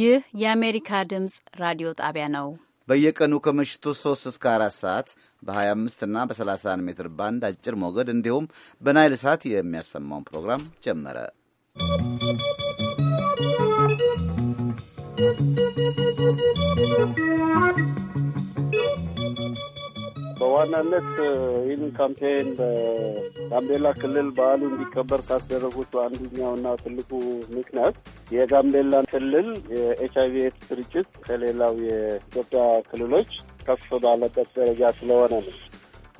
ይህ የአሜሪካ ድምፅ ራዲዮ ጣቢያ ነው። በየቀኑ ከምሽቱ 3 እስከ 4 ሰዓት በ25 እና በ31 ሜትር ባንድ አጭር ሞገድ እንዲሁም በናይል ሰዓት የሚያሰማውን ፕሮግራም ጀመረ። በዋናነት ይህን ካምፔን በጋምቤላ ክልል በዓሉ እንዲከበር ካስደረጉት አንዱኛውና ትልቁ ምክንያት የጋምቤላ ክልል የኤች አይቪ ኤድስ ስርጭት ከሌላው የኢትዮጵያ ክልሎች ከፍ ባለበት ደረጃ ስለሆነ ነው።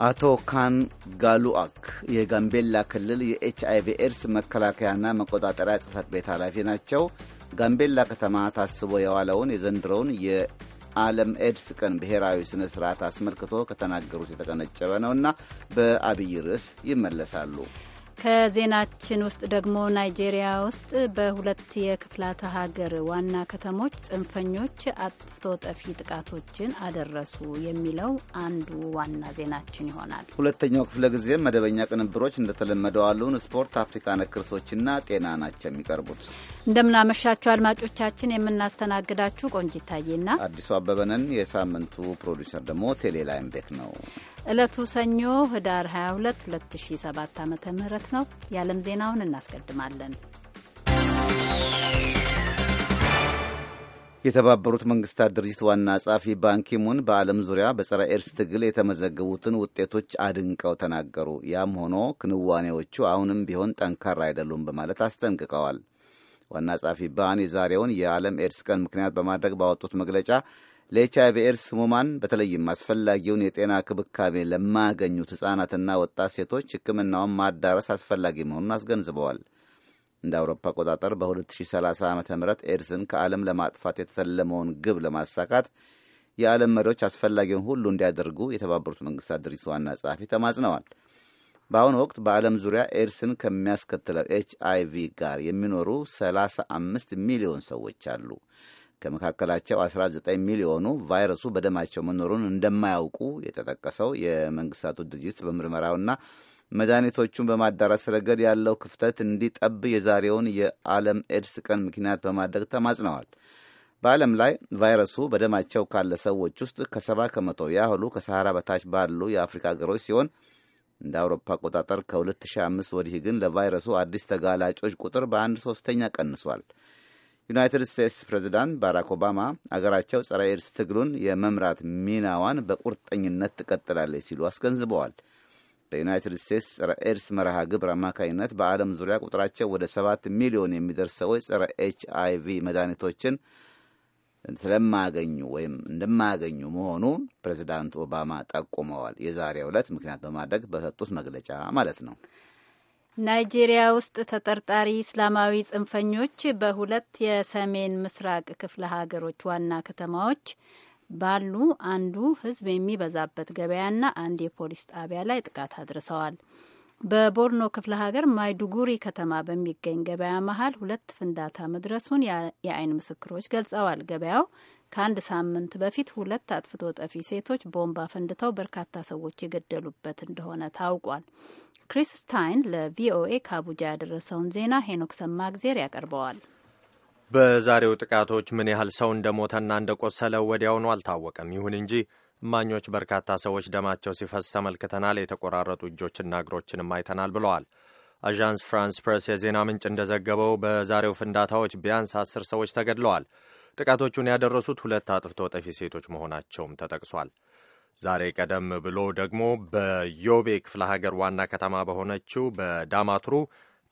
አቶ ካን ጋሉአክ የጋምቤላ ክልል የኤች አይቪ ኤድስ መከላከያና መቆጣጠሪያ ጽህፈት ቤት ኃላፊ ናቸው። ጋምቤላ ከተማ ታስቦ የዋለውን የዘንድሮውን ዓለም ኤድስ ቀን ብሔራዊ ስነ ስርዓት አስመልክቶ ከተናገሩት የተቀነጨበ ነውና በአብይ ርዕስ ይመለሳሉ። ከዜናችን ውስጥ ደግሞ ናይጄሪያ ውስጥ በሁለት የክፍላተ ሀገር ዋና ከተሞች ጽንፈኞች አጥፍቶ ጠፊ ጥቃቶችን አደረሱ የሚለው አንዱ ዋና ዜናችን ይሆናል። ሁለተኛው ክፍለ ጊዜ መደበኛ ቅንብሮች እንደተለመደው አሉን። ስፖርት፣ አፍሪካ ነክ ርዕሶችና ጤና ናቸው የሚቀርቡት። እንደምናመሻችሁ አድማጮቻችን፣ የምናስተናግዳችሁ ቆንጂት ታዬና አዲሱ አበበ ነን። የሳምንቱ ፕሮዲሰር ደግሞ ቴሌላይምቤክ ነው። ዕለቱ ሰኞ ህዳር 22 2007 ዓ ም ነው። የዓለም ዜናውን እናስቀድማለን። የተባበሩት መንግስታት ድርጅት ዋና ጸሐፊ ባንኪሙን በዓለም ዙሪያ በጸረ ኤድስ ትግል የተመዘገቡትን ውጤቶች አድንቀው ተናገሩ። ያም ሆኖ ክንዋኔዎቹ አሁንም ቢሆን ጠንካራ አይደሉም በማለት አስጠንቅቀዋል። ዋና ጸሐፊ ባን የዛሬውን የዓለም ኤድስ ቀን ምክንያት በማድረግ ባወጡት መግለጫ ለኤች አይቪ ኤድስ ህሙማን በተለይም አስፈላጊውን የጤና ክብካቤ ለማያገኙት ሕፃናትና ወጣት ሴቶች ሕክምናውን ማዳረስ አስፈላጊ መሆኑን አስገንዝበዋል። እንደ አውሮፓ አቆጣጠር በ2030 ዓ ም ኤድስን ከዓለም ለማጥፋት የተተለመውን ግብ ለማሳካት የዓለም መሪዎች አስፈላጊውን ሁሉ እንዲያደርጉ የተባበሩት መንግስታት ድርጅት ዋና ጸሐፊ ተማጽነዋል። በአሁኑ ወቅት በዓለም ዙሪያ ኤድስን ከሚያስከትለው ኤች አይቪ ጋር የሚኖሩ 35 ሚሊዮን ሰዎች አሉ። ከመካከላቸው 19 ሚሊዮኑ ቫይረሱ በደማቸው መኖሩን እንደማያውቁ የተጠቀሰው የመንግስታቱ ድርጅት በምርመራውና መድኃኒቶቹን በማዳረስ ረገድ ያለው ክፍተት እንዲጠብ የዛሬውን የዓለም ኤድስ ቀን ምክንያት በማድረግ ተማጽነዋል። በዓለም ላይ ቫይረሱ በደማቸው ካለ ሰዎች ውስጥ ከሰባ ከመቶ ያህሉ ከሰሃራ በታች ባሉ የአፍሪካ ሀገሮች ሲሆን እንደ አውሮፓ አቆጣጠር ከ2005 ወዲህ ግን ለቫይረሱ አዲስ ተጋላጮች ቁጥር በአንድ ሶስተኛ ቀንሷል። ዩናይትድ ስቴትስ ፕሬዚዳንት ባራክ ኦባማ አገራቸው ጸረ ኤድስ ትግሉን የመምራት ሚናዋን በቁርጠኝነት ትቀጥላለች ሲሉ አስገንዝበዋል። በዩናይትድ ስቴትስ ጸረ ኤድስ መርሃ ግብር አማካኝነት በዓለም ዙሪያ ቁጥራቸው ወደ ሰባት ሚሊዮን የሚደርስ ሰዎች ጸረ ኤች አይ ቪ መድኃኒቶችን ስለማያገኙ ወይም እንደማያገኙ መሆኑ ፕሬዚዳንት ኦባማ ጠቁመዋል። የዛሬ ዕለት ምክንያት በማድረግ በሰጡት መግለጫ ማለት ነው። ናይጄሪያ ውስጥ ተጠርጣሪ እስላማዊ ጽንፈኞች በሁለት የሰሜን ምስራቅ ክፍለ ሀገሮች ዋና ከተማዎች ባሉ አንዱ ሕዝብ የሚበዛበት ገበያና አንድ የፖሊስ ጣቢያ ላይ ጥቃት አድርሰዋል። በቦርኖ ክፍለ ሀገር ማይዱጉሪ ከተማ በሚገኝ ገበያ መሀል ሁለት ፍንዳታ መድረሱን የአይን ምስክሮች ገልጸዋል። ገበያው ከአንድ ሳምንት በፊት ሁለት አጥፍቶ ጠፊ ሴቶች ቦምብ አፈንድተው በርካታ ሰዎች የገደሉበት እንደሆነ ታውቋል። ክሪስ ስታይን ለቪኦኤ ከአቡጃ ያደረሰውን ዜና ሄኖክ ሰማግዜር ያቀርበዋል። በዛሬው ጥቃቶች ምን ያህል ሰው እንደሞተና እንደቆሰለ ወዲያውኑ አልታወቀም። ይሁን እንጂ እማኞች በርካታ ሰዎች ደማቸው ሲፈስ ተመልክተናል፣ የተቆራረጡ እጆችና እግሮችንም አይተናል ብለዋል። አዣንስ ፍራንስ ፕሬስ የዜና ምንጭ እንደዘገበው በዛሬው ፍንዳታዎች ቢያንስ አስር ሰዎች ተገድለዋል። ጥቃቶቹን ያደረሱት ሁለት አጥፍቶ ጠፊ ሴቶች መሆናቸውም ተጠቅሷል። ዛሬ ቀደም ብሎ ደግሞ በዮቤ ክፍለ ሀገር ዋና ከተማ በሆነችው በዳማትሩ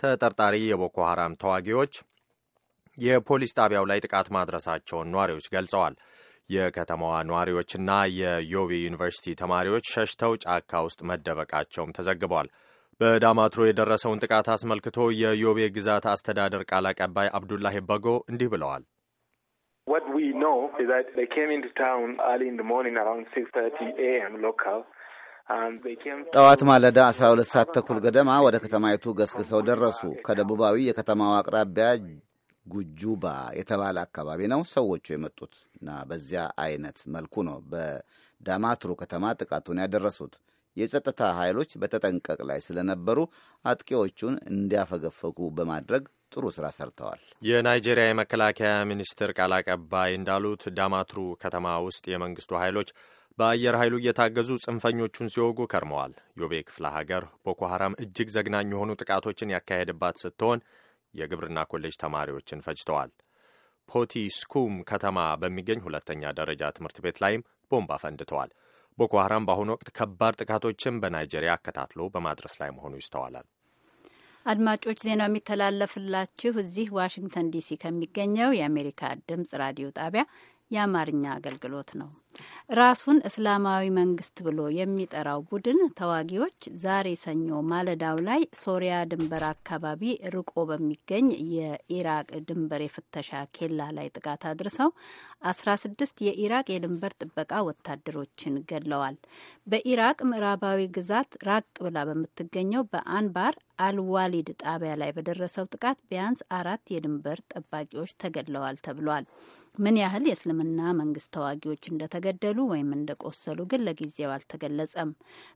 ተጠርጣሪ የቦኮ ሐራም ተዋጊዎች የፖሊስ ጣቢያው ላይ ጥቃት ማድረሳቸውን ነዋሪዎች ገልጸዋል። የከተማዋ ነዋሪዎችና የዮቤ ዩኒቨርሲቲ ተማሪዎች ሸሽተው ጫካ ውስጥ መደበቃቸውም ተዘግበዋል። በዳማትሮ የደረሰውን ጥቃት አስመልክቶ የዮቤ ግዛት አስተዳደር ቃል አቀባይ አብዱላሂ በጎ እንዲህ ብለዋል። What we know is that they came into town early in the morning around 6:30 a.m. local. ጠዋት ማለዳ 12 ሰዓት ተኩል ገደማ ወደ ከተማይቱ ገስግሰው ደረሱ። ከደቡባዊ የከተማው አቅራቢያ ጉጁባ የተባለ አካባቢ ነው ሰዎቹ የመጡት እና በዚያ አይነት መልኩ ነው በዳማትሩ ከተማ ጥቃቱን ያደረሱት። የጸጥታ ኃይሎች በተጠንቀቅ ላይ ስለነበሩ አጥቂዎቹን እንዲያፈገፈጉ በማድረግ ጥሩ ስራ ሰርተዋል። የናይጄሪያ የመከላከያ ሚኒስትር ቃል አቀባይ እንዳሉት ዳማትሩ ከተማ ውስጥ የመንግስቱ ኃይሎች በአየር ኃይሉ እየታገዙ ጽንፈኞቹን ሲወጉ ከርመዋል። ዮቤ ክፍለ ሀገር ቦኮ ሐራም እጅግ ዘግናኝ የሆኑ ጥቃቶችን ያካሄድባት ስትሆን የግብርና ኮሌጅ ተማሪዎችን ፈጅተዋል። ፖቲ ስኩም ከተማ በሚገኝ ሁለተኛ ደረጃ ትምህርት ቤት ላይም ቦምብ አፈንድተዋል። ቦኮ ሐራም በአሁኑ ወቅት ከባድ ጥቃቶችን በናይጄሪያ አከታትሎ በማድረስ ላይ መሆኑ ይስተዋላል። አድማጮች ዜናው የሚተላለፍላችሁ እዚህ ዋሽንግተን ዲሲ ከሚገኘው የአሜሪካ ድምጽ ራዲዮ ጣቢያ የአማርኛ አገልግሎት ነው። ራሱን እስላማዊ መንግስት ብሎ የሚጠራው ቡድን ተዋጊዎች ዛሬ ሰኞ ማለዳው ላይ ሶሪያ ድንበር አካባቢ ርቆ በሚገኝ የኢራቅ ድንበር የፍተሻ ኬላ ላይ ጥቃት አድርሰው አስራ ስድስት የኢራቅ የድንበር ጥበቃ ወታደሮችን ገድለዋል። በኢራቅ ምዕራባዊ ግዛት ራቅ ብላ በምትገኘው በአንባር አልዋሊድ ጣቢያ ላይ በደረሰው ጥቃት ቢያንስ አራት የድንበር ጠባቂዎች ተገድለዋል ተብሏል። ምን ያህል የእስልምና መንግስት ተዋጊዎች እንደተገደሉ ወይም እንደቆሰሉ ግን ለጊዜው አልተገለጸም።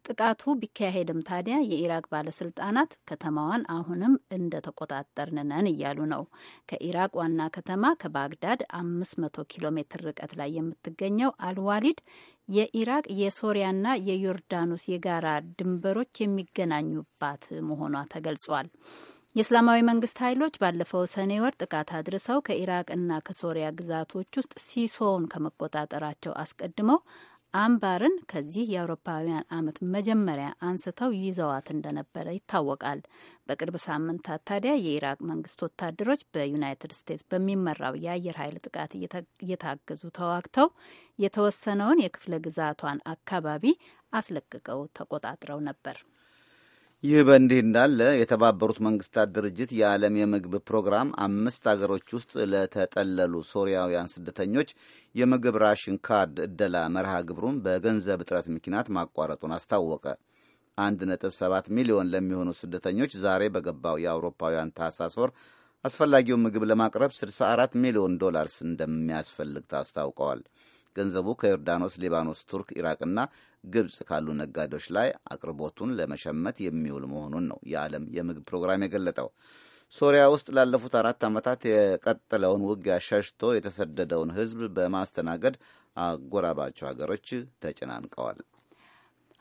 ጥቃቱ ቢካሄድም ታዲያ የኢራቅ ባለስልጣናት ከተማዋን አሁንም እንደተቆጣጠርን ነን እያሉ ነው። ከኢራቅ ዋና ከተማ ከባግዳድ 500 ኪሎ ሜትር ርቀት ላይ የምትገኘው አልዋሊድ የኢራቅ የሶሪያና የዮርዳኖስ የጋራ ድንበሮች የሚገናኙባት መሆኗ ተገልጿል። የእስላማዊ መንግስት ኃይሎች ባለፈው ሰኔ ወር ጥቃት አድርሰው ከኢራቅ እና ከሶሪያ ግዛቶች ውስጥ ሲሶውን ከመቆጣጠራቸው አስቀድመው አምባርን ከዚህ የአውሮፓውያን አመት መጀመሪያ አንስተው ይዘዋት እንደነበረ ይታወቃል። በቅርብ ሳምንታት ታዲያ የኢራቅ መንግስት ወታደሮች በዩናይትድ ስቴትስ በሚመራው የአየር ኃይል ጥቃት እየታገዙ ተዋግተው የተወሰነውን የክፍለ ግዛቷን አካባቢ አስለቅቀው ተቆጣጥረው ነበር። ይህ በእንዲህ እንዳለ የተባበሩት መንግስታት ድርጅት የዓለም የምግብ ፕሮግራም አምስት አገሮች ውስጥ ለተጠለሉ ሶሪያውያን ስደተኞች የምግብ ራሽን ካርድ እደላ መርሃ ግብሩን በገንዘብ እጥረት ምክንያት ማቋረጡን አስታወቀ። 1.7 ሚሊዮን ለሚሆኑ ስደተኞች ዛሬ በገባው የአውሮፓውያን ታህሳስ ወር አስፈላጊውን ምግብ ለማቅረብ 64 ሚሊዮን ዶላርስ እንደሚያስፈልግ ታስታውቀዋል። ገንዘቡ ከዮርዳኖስ፣ ሊባኖስ፣ ቱርክ፣ ኢራቅና ግብፅ ካሉ ነጋዴዎች ላይ አቅርቦቱን ለመሸመት የሚውል መሆኑን ነው የዓለም የምግብ ፕሮግራም የገለጠው። ሶሪያ ውስጥ ላለፉት አራት ዓመታት የቀጠለውን ውጊያ ሸሽቶ የተሰደደውን ሕዝብ በማስተናገድ አጎራባቸው ሀገሮች ተጨናንቀዋል።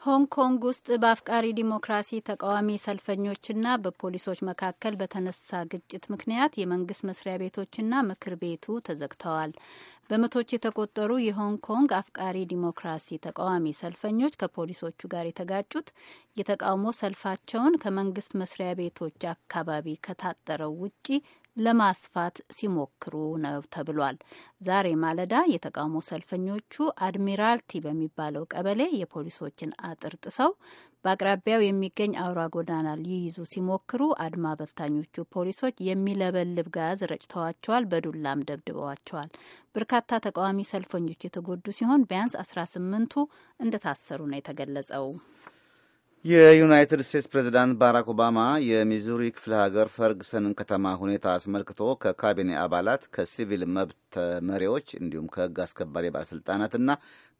ሆንግ ኮንግ ውስጥ በአፍቃሪ ዲሞክራሲ ተቃዋሚ ሰልፈኞችና በፖሊሶች መካከል በተነሳ ግጭት ምክንያት የመንግስት መስሪያ ቤቶችና ምክር ቤቱ ተዘግተዋል። በመቶች የተቆጠሩ የሆንግ ኮንግ አፍቃሪ ዲሞክራሲ ተቃዋሚ ሰልፈኞች ከፖሊሶቹ ጋር የተጋጩት የተቃውሞ ሰልፋቸውን ከመንግስት መስሪያ ቤቶች አካባቢ ከታጠረው ውጪ ለማስፋት ሲሞክሩ ነው ተብሏል። ዛሬ ማለዳ የተቃውሞ ሰልፈኞቹ አድሚራልቲ በሚባለው ቀበሌ የፖሊሶችን አጥር ጥሰው በአቅራቢያው የሚገኝ አውራ ጎዳና ሊይዙ ሲሞክሩ አድማ በታኞቹ ፖሊሶች የሚለበልብ ጋዝ ረጭተዋቸዋል፣ በዱላም ደብድበዋቸዋል። በርካታ ተቃዋሚ ሰልፈኞች የተጎዱ ሲሆን ቢያንስ አስራ ስምንቱ እንደታሰሩ ነው የተገለጸው። የዩናይትድ ስቴትስ ፕሬዚዳንት ባራክ ኦባማ የሚዙሪ ክፍለ ሀገር ፈርግሰንን ከተማ ሁኔታ አስመልክቶ ከካቢኔ አባላት ከሲቪል መብት መሪዎች እንዲሁም ከህግ አስከባሪ ባለሥልጣናትና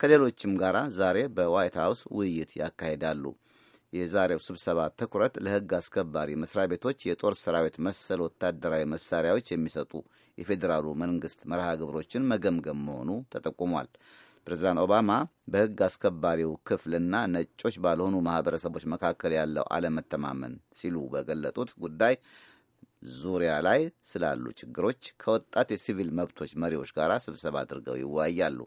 ከሌሎችም ጋር ዛሬ በዋይት ሀውስ ውይይት ያካሂዳሉ። የዛሬው ስብሰባ ትኩረት ለህግ አስከባሪ መስሪያ ቤቶች የጦር ሰራዊት መሰል ወታደራዊ መሳሪያዎች የሚሰጡ የፌዴራሉ መንግስት መርሃ ግብሮችን መገምገም መሆኑ ተጠቁሟል። ፕሬዚዳንት ኦባማ በሕግ አስከባሪው ክፍልና ነጮች ባልሆኑ ማህበረሰቦች መካከል ያለው አለመተማመን ሲሉ በገለጡት ጉዳይ ዙሪያ ላይ ስላሉ ችግሮች ከወጣት የሲቪል መብቶች መሪዎች ጋር ስብሰባ አድርገው ይወያያሉ።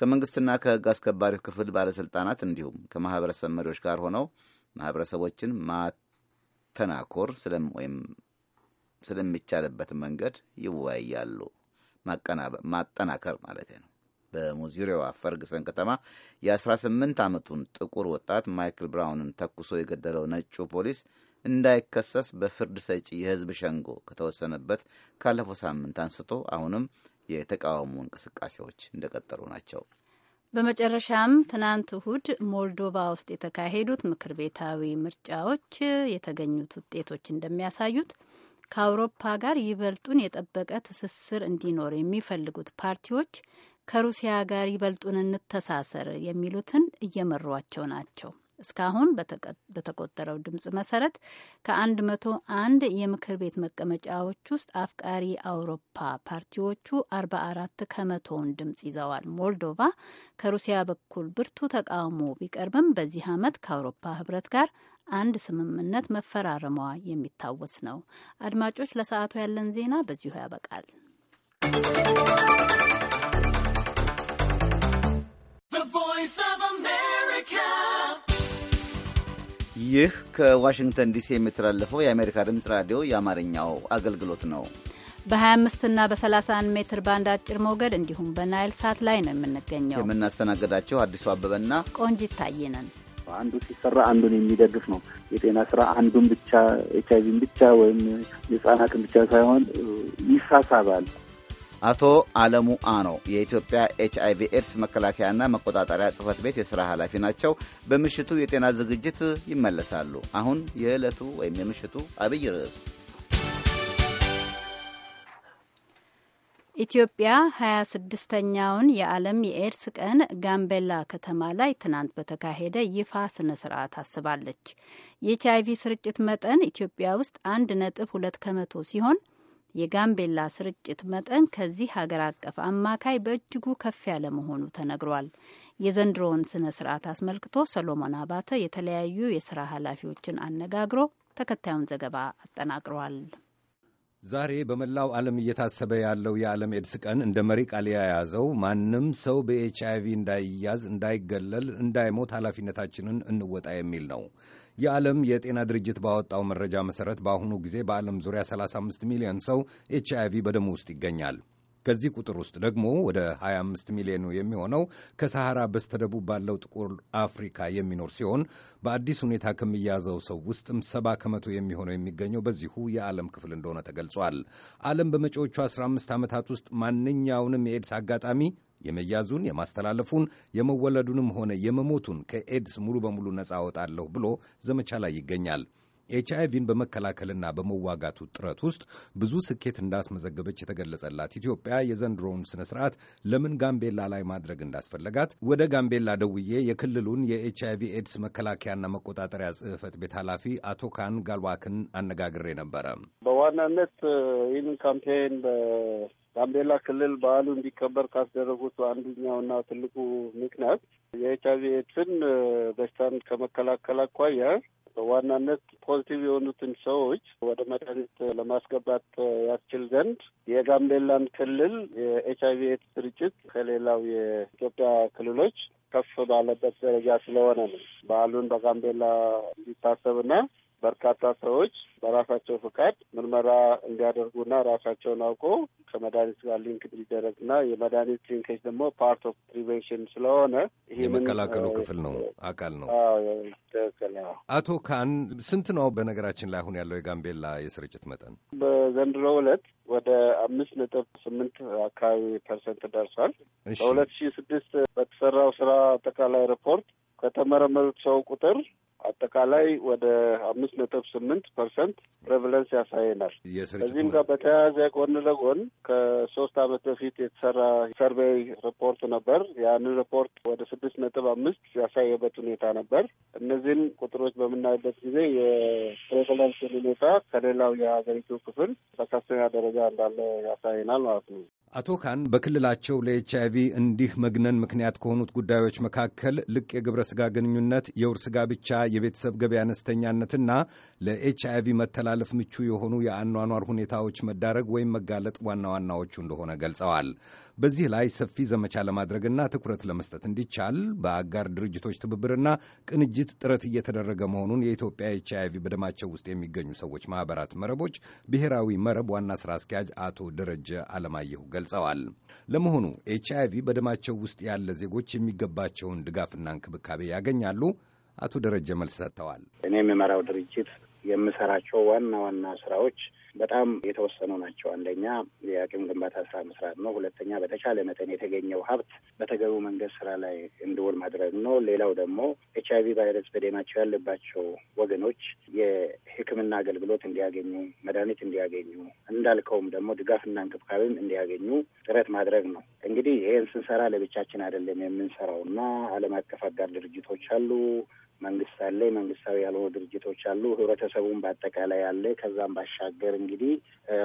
ከመንግስትና ከሕግ አስከባሪው ክፍል ባለስልጣናት እንዲሁም ከማህበረሰብ መሪዎች ጋር ሆነው ማህበረሰቦችን ማተናኮር ወይም ስለሚቻልበት መንገድ ይወያያሉ። ማጠናከር ማለት ነው። በሙዚሪዋ ፈርግሰን ከተማ የ18 ዓመቱን ጥቁር ወጣት ማይክል ብራውንን ተኩሶ የገደለው ነጩ ፖሊስ እንዳይከሰስ በፍርድ ሰጪ የህዝብ ሸንጎ ከተወሰነበት ካለፈው ሳምንት አንስቶ አሁንም የተቃውሞ እንቅስቃሴዎች እንደቀጠሉ ናቸው። በመጨረሻም ትናንት እሁድ ሞልዶቫ ውስጥ የተካሄዱት ምክር ቤታዊ ምርጫዎች የተገኙት ውጤቶች እንደሚያሳዩት ከአውሮፓ ጋር ይበልጡን የጠበቀ ትስስር እንዲኖር የሚፈልጉት ፓርቲዎች ከሩሲያ ጋር ይበልጡን እንተሳሰር የሚሉትን እየመሯቸው ናቸው። እስካሁን በተቆጠረው ድምፅ መሰረት ከአንድ መቶ አንድ የምክር ቤት መቀመጫዎች ውስጥ አፍቃሪ አውሮፓ ፓርቲዎቹ አርባ አራት ከመቶውን ድምፅ ይዘዋል። ሞልዶቫ ከሩሲያ በኩል ብርቱ ተቃውሞ ቢቀርብም በዚህ ዓመት ከአውሮፓ ህብረት ጋር አንድ ስምምነት መፈራረሟ የሚታወስ ነው። አድማጮች፣ ለሰዓቱ ያለን ዜና በዚሁ ያበቃል። ይህ ከዋሽንግተን ዲሲ የሚተላለፈው የአሜሪካ ድምፅ ራዲዮ የአማርኛው አገልግሎት ነው። በ25 እና በ31 ሜትር ባንድ አጭር ሞገድ እንዲሁም በናይል ሳት ላይ ነው የምንገኘው። የምናስተናግዳቸው አዲሱ አበበና ቆንጂት ታየ ነን። አንዱ ሲሰራ አንዱን የሚደግፍ ነው። የጤና ስራ አንዱን ብቻ ኤች አይቪን ብቻ ወይም የህጻናትን ብቻ ሳይሆን ይሳሳባል። አቶ አለሙ አኖ የኢትዮጵያ ኤች አይቪ ኤድስ መከላከያና መቆጣጠሪያ ጽህፈት ቤት የሥራ ኃላፊ ናቸው። በምሽቱ የጤና ዝግጅት ይመለሳሉ። አሁን የዕለቱ ወይም የምሽቱ አብይ ርዕስ ኢትዮጵያ 26ኛውን የዓለም የኤድስ ቀን ጋምቤላ ከተማ ላይ ትናንት በተካሄደ ይፋ ስነ ስርዓት አስባለች። የኤች አይቪ ስርጭት መጠን ኢትዮጵያ ውስጥ አንድ ነጥብ ሁለት ከመቶ ሲሆን የጋምቤላ ስርጭት መጠን ከዚህ ሀገር አቀፍ አማካይ በእጅጉ ከፍ ያለ መሆኑ ተነግሯል። የዘንድሮውን ስነ ስርዓት አስመልክቶ ሰሎሞን አባተ የተለያዩ የስራ ኃላፊዎችን አነጋግሮ ተከታዩን ዘገባ አጠናቅሯል። ዛሬ በመላው ዓለም እየታሰበ ያለው የዓለም ኤድስ ቀን እንደ መሪ ቃል የያዘው ማንም ሰው በኤች አይቪ እንዳይያዝ፣ እንዳይገለል፣ እንዳይሞት ኃላፊነታችንን እንወጣ የሚል ነው። የዓለም የጤና ድርጅት ባወጣው መረጃ መሠረት በአሁኑ ጊዜ በዓለም ዙሪያ 35 ሚሊዮን ሰው ኤች አይ ቪ በደሙ ውስጥ ይገኛል። ከዚህ ቁጥር ውስጥ ደግሞ ወደ 25 ሚሊዮኑ የሚሆነው ከሰሃራ በስተደቡብ ባለው ጥቁር አፍሪካ የሚኖር ሲሆን በአዲስ ሁኔታ ከሚያዘው ሰው ውስጥም ሰባ ከመቶ የሚሆነው የሚገኘው በዚሁ የዓለም ክፍል እንደሆነ ተገልጿል። ዓለም በመጪዎቹ 15 ዓመታት ውስጥ ማንኛውንም የኤድስ አጋጣሚ የመያዙን፣ የማስተላለፉን፣ የመወለዱንም ሆነ የመሞቱን ከኤድስ ሙሉ በሙሉ ነፃ አወጣለሁ ብሎ ዘመቻ ላይ ይገኛል። ኤች አይቪን በመከላከልና በመዋጋቱ ጥረት ውስጥ ብዙ ስኬት እንዳስመዘገበች የተገለጸላት ኢትዮጵያ የዘንድሮውን ስነ ስርዓት ለምን ጋምቤላ ላይ ማድረግ እንዳስፈለጋት ወደ ጋምቤላ ደውዬ የክልሉን የኤች አይቪ ኤድስ መከላከያና መቆጣጠሪያ ጽህፈት ቤት ኃላፊ አቶ ካን ጋልዋክን አነጋግሬ ነበረ። በዋናነት ይህን ካምፔን በጋምቤላ ክልል በዓሉ እንዲከበር ካስደረጉት አንዱኛውና ትልቁ ምክንያት የኤች አይቪ ኤድስን በሽታን ከመከላከል አኳያ በዋናነት ፖዚቲቭ የሆኑትን ሰዎች ወደ መድኃኒት ለማስገባት ያስችል ዘንድ የጋምቤላን ክልል የኤች አይቪ ኤድስ ስርጭት ከሌላው የኢትዮጵያ ክልሎች ከፍ ባለበት ደረጃ ስለሆነ ነው በዓሉን በጋምቤላ እንዲታሰብና በርካታ ሰዎች በራሳቸው ፍቃድ ምርመራ እንዲያደርጉና ራሳቸውን አውቆ ከመድኃኒት ጋር ሊንክ እንዲደረግና የመድኃኒት ሊንኬጅ ደግሞ ፓርት ኦፍ ፕሪቬንሽን ስለሆነ የመከላከሉ ክፍል ነው አካል ነው። አቶ ካን ስንት ነው በነገራችን ላይ አሁን ያለው የጋምቤላ የስርጭት መጠን? በዘንድሮ ዕለት ወደ አምስት ነጥብ ስምንት አካባቢ ፐርሰንት ደርሷል። በሁለት ሺህ ስድስት በተሰራው ስራ አጠቃላይ ሪፖርት ከተመረመሩት ሰው ቁጥር አጠቃላይ ወደ አምስት ነጥብ ስምንት ፐርሰንት ፕሬቨለንስ ያሳየናል። ከዚህም ጋር በተያያዘ ጎን ለጎን ከሶስት አመት በፊት የተሰራ ሰርቬይ ሪፖርት ነበር። ያንን ሪፖርት ወደ ስድስት ነጥብ አምስት ያሳየበት ሁኔታ ነበር። እነዚህን ቁጥሮች በምናይበት ጊዜ የፕሬቨለንስን ሁኔታ ከሌላው የሀገሪቱ ክፍል በከፍተኛ ደረጃ እንዳለ ያሳየናል ማለት ነው። አቶ ካን በክልላቸው ለኤች አይቪ እንዲህ መግነን ምክንያት ከሆኑት ጉዳዮች መካከል ልቅ የግብረ ሥጋ ግንኙነት፣ የውርስ ጋብቻ፣ የቤተሰብ ገቢ አነስተኛነትና ለኤች አይቪ መተላለፍ ምቹ የሆኑ የአኗኗር ሁኔታዎች መዳረግ ወይም መጋለጥ ዋና ዋናዎቹ እንደሆነ ገልጸዋል። በዚህ ላይ ሰፊ ዘመቻ ለማድረግና ትኩረት ለመስጠት እንዲቻል በአጋር ድርጅቶች ትብብርና ቅንጅት ጥረት እየተደረገ መሆኑን የኢትዮጵያ ኤች አይቪ በደማቸው ውስጥ የሚገኙ ሰዎች ማህበራት መረቦች ብሔራዊ መረብ ዋና ስራ አስኪያጅ አቶ ደረጀ አለማየሁ ገልጸዋል። ለመሆኑ ኤች አይቪ በደማቸው ውስጥ ያለ ዜጎች የሚገባቸውን ድጋፍና እንክብካቤ ያገኛሉ? አቶ ደረጀ መልስ ሰጥተዋል። እኔ የምመራው ድርጅት የምሰራቸው ዋና ዋና ስራዎች በጣም የተወሰኑ ናቸው። አንደኛ የአቅም ግንባታ ስራ መስራት ነው። ሁለተኛ በተቻለ መጠን የተገኘው ሀብት በተገቢ መንገድ ስራ ላይ እንዲውል ማድረግ ነው። ሌላው ደግሞ ኤች አይቪ ቫይረስ በደማቸው ያለባቸው ወገኖች የሕክምና አገልግሎት እንዲያገኙ፣ መድኃኒት እንዲያገኙ፣ እንዳልከውም ደግሞ ድጋፍና እንክብካቤም እንዲያገኙ ጥረት ማድረግ ነው። እንግዲህ ይህን ስንሰራ ለብቻችን አይደለም የምንሰራው እና ዓለም አቀፍ አጋር ድርጅቶች አሉ መንግስት አለ፣ መንግስታዊ ያልሆኑ ድርጅቶች አሉ፣ ህብረተሰቡን በአጠቃላይ አለ። ከዛም ባሻገር እንግዲህ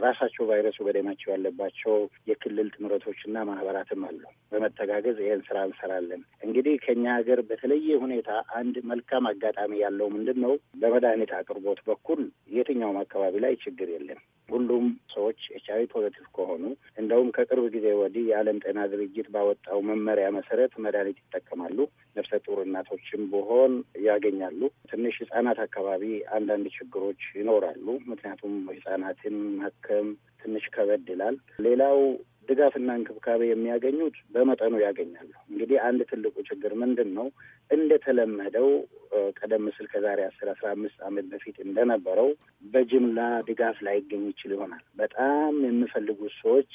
ራሳቸው ቫይረሱ በደማቸው ያለባቸው የክልል ጥምረቶችና ማህበራትም አሉ። በመተጋገዝ ይህን ስራ እንሰራለን። እንግዲህ ከኛ ሀገር በተለየ ሁኔታ አንድ መልካም አጋጣሚ ያለው ምንድን ነው? በመድኃኒት አቅርቦት በኩል የትኛውም አካባቢ ላይ ችግር የለም። ሁሉም ሰዎች ኤች አይቪ ፖዘቲቭ ከሆኑ እንደውም ከቅርብ ጊዜ ወዲህ የዓለም ጤና ድርጅት ባወጣው መመሪያ መሰረት መድኃኒት ይጠቀማሉ። ነፍሰ ጡር እናቶችም ብሆን ያገኛሉ። ትንሽ ህጻናት አካባቢ አንዳንድ ችግሮች ይኖራሉ። ምክንያቱም ህጻናትን ማከም ትንሽ ከበድ ይላል። ሌላው ድጋፍና እንክብካቤ የሚያገኙት በመጠኑ ያገኛሉ። እንግዲህ አንድ ትልቁ ችግር ምንድን ነው? እንደተለመደው ቀደም ስል ከዛሬ አስር አስራ አምስት ዓመት በፊት እንደነበረው በጅምላ ድጋፍ ላይገኝ ይችል ይሆናል። በጣም የሚፈልጉት ሰዎች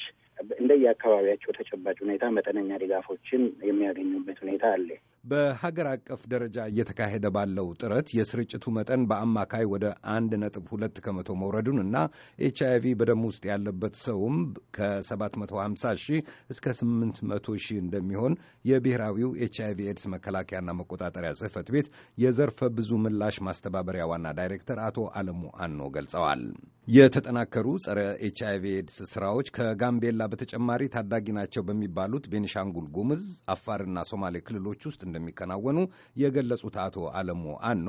እንደየአካባቢያቸው ተጨባጭ ሁኔታ መጠነኛ ድጋፎችን የሚያገኙበት ሁኔታ አለ። በሀገር አቀፍ ደረጃ እየተካሄደ ባለው ጥረት የስርጭቱ መጠን በአማካይ ወደ አንድ ነጥብ ሁለት ከመቶ መውረዱን እና ኤች አይቪ በደም ውስጥ ያለበት ሰውም ከ750 ሺህ እስከ 800 ሺህ እንደሚሆን የብሔራዊው ኤች አይቪ ኤድስ መከላከያና መቆጣጠሪያ ጽህፈት ቤት የዘርፈ ብዙ ምላሽ ማስተባበሪያ ዋና ዳይሬክተር አቶ አለሙ አኖ ገልጸዋል። የተጠናከሩ ጸረ ኤች አይቪ ኤድስ ስራዎች ከጋምቤላ በተጨማሪ ታዳጊ ናቸው በሚባሉት ቤኒሻንጉል ጉምዝ፣ አፋርና ሶማሌ ክልሎች ውስጥ እንደሚከናወኑ የገለጹት አቶ አለሙ አኖ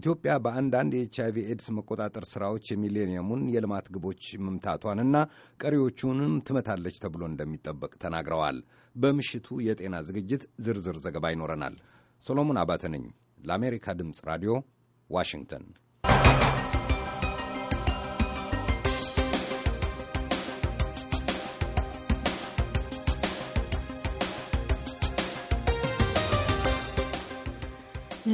ኢትዮጵያ በአንዳንድ የኤች አይቪ ኤድስ መቆጣጠር ስራዎች የሚሌኒየሙን የልማት ግቦች መምታቷንና ቀሪዎቹንም ትመታለች ተብሎ እንደሚጠበቅ ተናግረዋል። በምሽቱ የጤና ዝግጅት ዝርዝር ዘገባ ይኖረናል። ሶሎሞን አባተ ነኝ ለአሜሪካ ድምፅ ራዲዮ ዋሽንግተን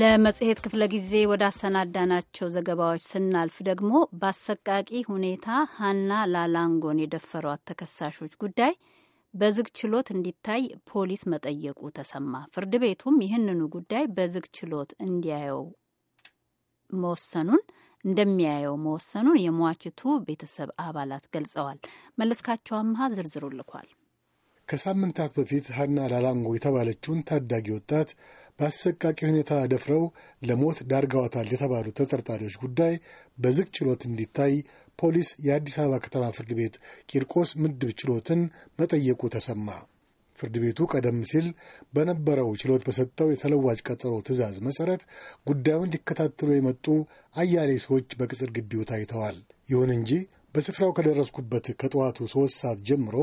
ለመጽሔት ክፍለ ጊዜ ወዳሰናዳናቸው ዘገባዎች ስናልፍ ደግሞ በአሰቃቂ ሁኔታ ሀና ላላንጎን የደፈሯት ተከሳሾች ጉዳይ በዝግ ችሎት እንዲታይ ፖሊስ መጠየቁ ተሰማ። ፍርድ ቤቱም ይህንኑ ጉዳይ በዝግ ችሎት እንዲያየው መወሰኑን እንደሚያየው መወሰኑን የሟችቱ ቤተሰብ አባላት ገልጸዋል። መለስካቸው አምሃ ዝርዝሩ ልኳል። ከሳምንታት በፊት ሀና ላላንጎ የተባለችውን ታዳጊ ወጣት በአሰቃቂ ሁኔታ ደፍረው ለሞት ዳርገዋታል የተባሉ ተጠርጣሪዎች ጉዳይ በዝግ ችሎት እንዲታይ ፖሊስ የአዲስ አበባ ከተማ ፍርድ ቤት ቂርቆስ ምድብ ችሎትን መጠየቁ ተሰማ። ፍርድ ቤቱ ቀደም ሲል በነበረው ችሎት በሰጠው የተለዋጭ ቀጠሮ ትዕዛዝ መሠረት ጉዳዩን ሊከታተሉ የመጡ አያሌ ሰዎች በቅጽር ግቢው ታይተዋል። ይሁን እንጂ በስፍራው ከደረስኩበት ከጠዋቱ ሦስት ሰዓት ጀምሮ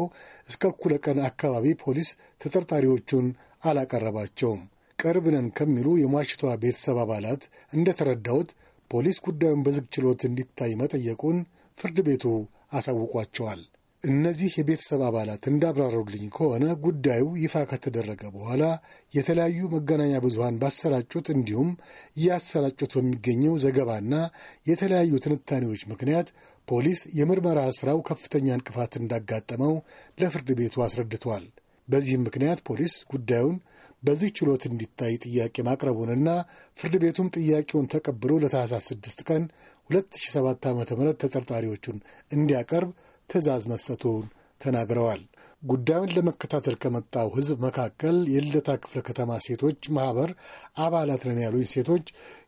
እስከ እኩለ ቀን አካባቢ ፖሊስ ተጠርጣሪዎቹን አላቀረባቸውም። ቅርብ ነን ከሚሉ የሟችቷ ቤተሰብ አባላት እንደተረዳሁት ፖሊስ ጉዳዩን በዝግ ችሎት እንዲታይ መጠየቁን ፍርድ ቤቱ አሳውቋቸዋል። እነዚህ የቤተሰብ አባላት እንዳብራሩልኝ ከሆነ ጉዳዩ ይፋ ከተደረገ በኋላ የተለያዩ መገናኛ ብዙሃን ባሰራጩት እንዲሁም እያሰራጩት በሚገኘው ዘገባና የተለያዩ ትንታኔዎች ምክንያት ፖሊስ የምርመራ ሥራው ከፍተኛ እንቅፋት እንዳጋጠመው ለፍርድ ቤቱ አስረድቷል። በዚህም ምክንያት ፖሊስ ጉዳዩን በዚህ ችሎት እንዲታይ ጥያቄ ማቅረቡንና ፍርድ ቤቱም ጥያቄውን ተቀብሎ ለታህሳስ 6 ቀን 2007 ዓ ም ተጠርጣሪዎቹን እንዲያቀርብ ትዕዛዝ መስጠቱን ተናግረዋል። ጉዳዩን ለመከታተል ከመጣው ህዝብ መካከል የልደታ ክፍለ ከተማ ሴቶች ማህበር አባላት ነን ያሉኝ ሴቶች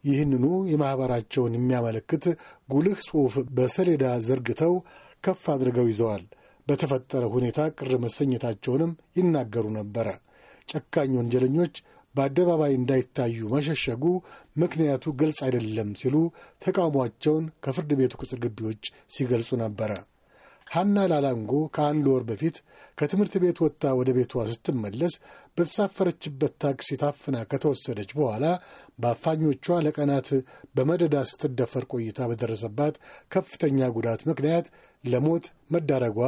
ይህንኑ የማህበራቸውን የሚያመለክት ጉልህ ጽሑፍ በሰሌዳ ዘርግተው ከፍ አድርገው ይዘዋል። በተፈጠረ ሁኔታ ቅር መሰኘታቸውንም ይናገሩ ነበረ። ጨካኝ ወንጀለኞች በአደባባይ እንዳይታዩ መሸሸጉ ምክንያቱ ግልጽ አይደለም ሲሉ ተቃውሟቸውን ከፍርድ ቤቱ ቅጽር ግቢዎች ሲገልጹ ነበረ። ሐና ላላንጎ ከአንድ ወር በፊት ከትምህርት ቤት ወጥታ ወደ ቤቷ ስትመለስ በተሳፈረችበት ታክሲ ታፍና ከተወሰደች በኋላ በአፋኞቿ ለቀናት በመደዳ ስትደፈር ቆይታ በደረሰባት ከፍተኛ ጉዳት ምክንያት ለሞት መዳረጓ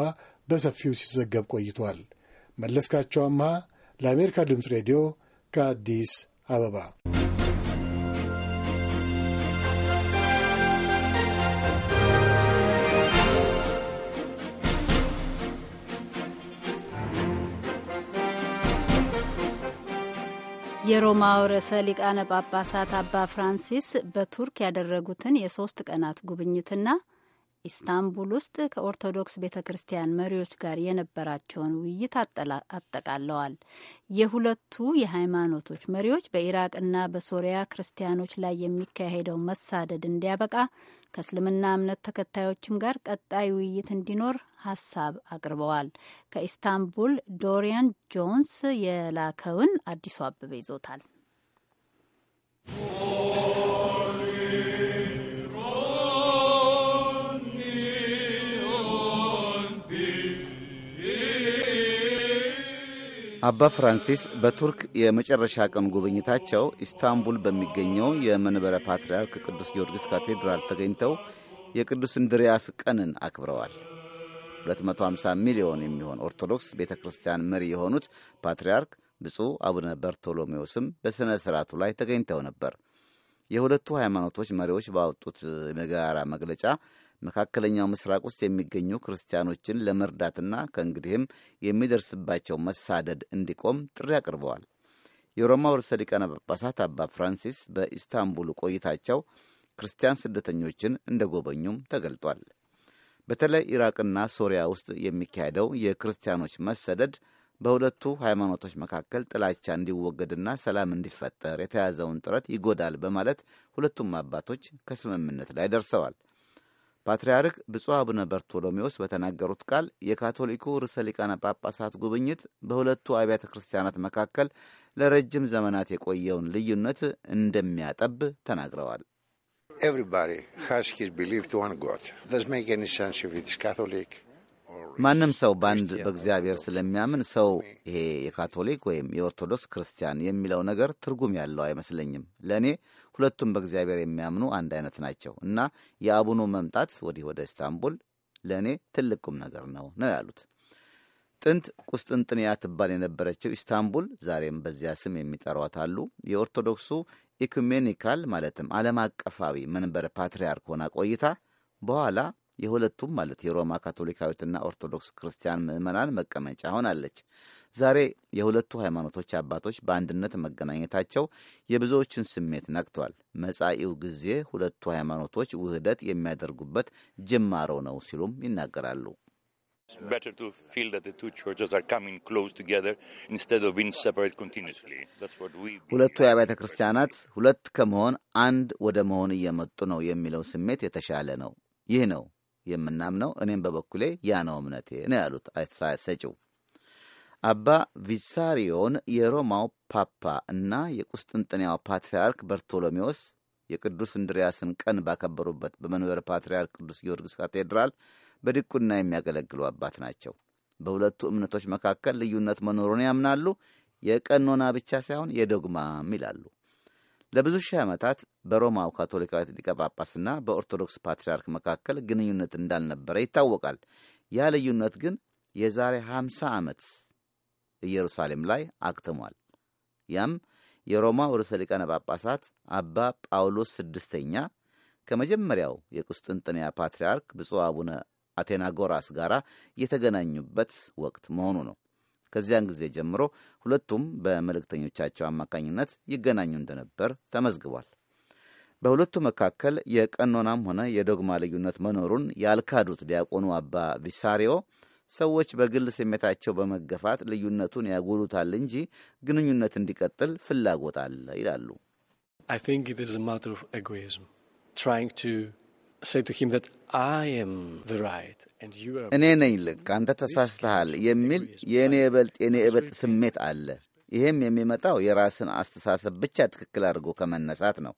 በሰፊው ሲዘገብ ቆይቷል። መለስካቸው አምሃ ለአሜሪካ ድምፅ ሬዲዮ ከአዲስ አበባ የሮማው ርዕሰ ሊቃነ ጳጳሳት አባ ፍራንሲስ በቱርክ ያደረጉትን የሶስት ቀናት ጉብኝትና ኢስታንቡል ውስጥ ከኦርቶዶክስ ቤተ ክርስቲያን መሪዎች ጋር የነበራቸውን ውይይት አጠቃለዋል። የሁለቱ የሃይማኖቶች መሪዎች በኢራቅና በሶሪያ ክርስቲያኖች ላይ የሚካሄደው መሳደድ እንዲያበቃ ከእስልምና እምነት ተከታዮችም ጋር ቀጣይ ውይይት እንዲኖር ሀሳብ አቅርበዋል። ከኢስታንቡል ዶሪያን ጆንስ የላከውን አዲሱ አበበ ይዞታል። አባ ፍራንሲስ በቱርክ የመጨረሻ ቀን ጉብኝታቸው ኢስታንቡል በሚገኘው የመንበረ ፓትርያርክ ቅዱስ ጊዮርጊስ ካቴድራል ተገኝተው የቅዱስ እንድሪያስ ቀንን አክብረዋል። 250 ሚሊዮን የሚሆን ኦርቶዶክስ ቤተ ክርስቲያን መሪ የሆኑት ፓትርያርክ ብፁዕ አቡነ በርቶሎሜዎስም በሥነ ሥርዓቱ ላይ ተገኝተው ነበር። የሁለቱ ሃይማኖቶች መሪዎች ባወጡት የመጋራ መግለጫ መካከለኛው ምስራቅ ውስጥ የሚገኙ ክርስቲያኖችን ለመርዳትና ከእንግዲህም የሚደርስባቸው መሳደድ እንዲቆም ጥሪ አቅርበዋል። የሮማ ርዕሰ ሊቃነ ጳጳሳት አባ ፍራንሲስ በኢስታንቡሉ ቆይታቸው ክርስቲያን ስደተኞችን እንደጎበኙም ተገልጧል። በተለይ ኢራቅና ሶሪያ ውስጥ የሚካሄደው የክርስቲያኖች መሰደድ በሁለቱ ሃይማኖቶች መካከል ጥላቻ እንዲወገድና ሰላም እንዲፈጠር የተያዘውን ጥረት ይጎዳል በማለት ሁለቱም አባቶች ከስምምነት ላይ ደርሰዋል። ፓትርያርክ ብፁዕ አቡነ በርቶሎሜዎስ በተናገሩት ቃል የካቶሊኩ ርዕሰ ሊቃነ ጳጳሳት ጉብኝት በሁለቱ አብያተ ክርስቲያናት መካከል ለረጅም ዘመናት የቆየውን ልዩነት እንደሚያጠብ ተናግረዋል። ማንም ሰው በአንድ በእግዚአብሔር ስለሚያምን ሰው ይሄ የካቶሊክ ወይም የኦርቶዶክስ ክርስቲያን የሚለው ነገር ትርጉም ያለው አይመስለኝም። ለእኔ ሁለቱም በእግዚአብሔር የሚያምኑ አንድ አይነት ናቸው እና የአቡኑ መምጣት ወዲህ ወደ ኢስታንቡል ለእኔ ትልቅ ቁም ነገር ነው ነው ያሉት። ጥንት ቁስጥንጥንያ ትባል የነበረችው ኢስታንቡል ዛሬም በዚያ ስም የሚጠሯት አሉ። የኦርቶዶክሱ ኢኩሜኒካል ማለትም ዓለም አቀፋዊ መንበረ ፓትርያርክ ሆና ቆይታ በኋላ የሁለቱም ማለት የሮማ ካቶሊካዊትና ኦርቶዶክስ ክርስቲያን ምዕመናን መቀመጫ ሆናለች። ዛሬ የሁለቱ ሃይማኖቶች አባቶች በአንድነት መገናኘታቸው የብዙዎችን ስሜት ነቅቷል። መጻኢው ጊዜ ሁለቱ ሃይማኖቶች ውህደት የሚያደርጉበት ጅማሮ ነው ሲሉም ይናገራሉ። ሁለቱ የአብያተ ክርስቲያናት ሁለት ከመሆን አንድ ወደ መሆን እየመጡ ነው የሚለው ስሜት የተሻለ ነው። ይህ ነው የምናምነው። እኔም በበኩሌ ያ ነው እምነቴ ነው ያሉት አስተያየት ሰጪው አባ ቪሳሪዮን የሮማው ፓፓ እና የቁስጥንጥንያው ፓትርያርክ በርቶሎሜዎስ የቅዱስ እንድሪያስን ቀን ባከበሩበት በመንበር ፓትርያርክ ቅዱስ ጊዮርጊስ ካቴድራል በድቁና የሚያገለግሉ አባት ናቸው። በሁለቱ እምነቶች መካከል ልዩነት መኖሩን ያምናሉ። የቀኖና ብቻ ሳይሆን የዶግማም ይላሉ። ለብዙ ሺህ ዓመታት በሮማው ካቶሊካዊት ሊቀ ጳጳስና በኦርቶዶክስ ፓትርያርክ መካከል ግንኙነት እንዳልነበረ ይታወቃል። ያ ልዩነት ግን የዛሬ 50 ዓመት ኢየሩሳሌም ላይ አክትሟል። ያም የሮማው ርዕሰ ሊቃነ ጳጳሳት አባ ጳውሎስ ስድስተኛ ከመጀመሪያው የቁስጥንጥንያ ፓትርያርክ ብፁዕ አቡነ አቴናጎራስ ጋር የተገናኙበት ወቅት መሆኑ ነው። ከዚያን ጊዜ ጀምሮ ሁለቱም በመልእክተኞቻቸው አማካኝነት ይገናኙ እንደነበር ተመዝግቧል። በሁለቱ መካከል የቀኖናም ሆነ የዶግማ ልዩነት መኖሩን ያልካዱት ዲያቆኑ አባ ቪሳሪዮ ሰዎች በግል ስሜታቸው በመገፋት ልዩነቱን ያጎሉታል እንጂ ግንኙነት እንዲቀጥል ፍላጎት አለ ይላሉ። እኔ ነኝ ልክ፣ አንተ ተሳስተሃል የሚል የእኔ የበልጥ የእኔ የበልጥ ስሜት አለ። ይህም የሚመጣው የራስን አስተሳሰብ ብቻ ትክክል አድርጎ ከመነሳት ነው።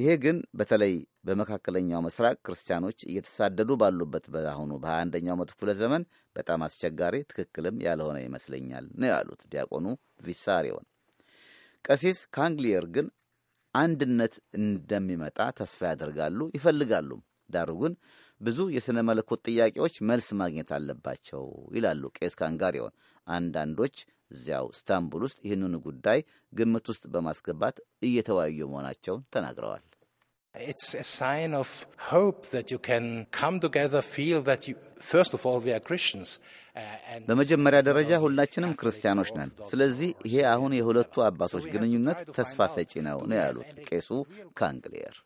ይሄ ግን በተለይ በመካከለኛው ምስራቅ ክርስቲያኖች እየተሳደዱ ባሉበት በአሁኑ በ21ኛው መቶ ክፍለ ዘመን በጣም አስቸጋሪ ትክክልም ያልሆነ ይመስለኛል ነው ያሉት ዲያቆኑ ቪሳሪዮን። ቀሲስ ካንግሊየር ግን አንድነት እንደሚመጣ ተስፋ ያደርጋሉ ይፈልጋሉ። ዳሩ ግን ብዙ የሥነ መለኮት ጥያቄዎች መልስ ማግኘት አለባቸው ይላሉ ቄስ ካንጋሪዮን። አንዳንዶች እዚያው ስታንቡል ውስጥ ይህንኑ ጉዳይ ግምት ውስጥ በማስገባት እየተወያዩ መሆናቸውን ተናግረዋል። uh, በመጀመሪያ ደረጃ ሁላችንም ክርስቲያኖች ነን። ስለዚህ ይሄ አሁን የሁለቱ አባቶች ግንኙነት ተስፋ ሰጪ ነው ነው ያሉት ቄሱ ካንግሊየር።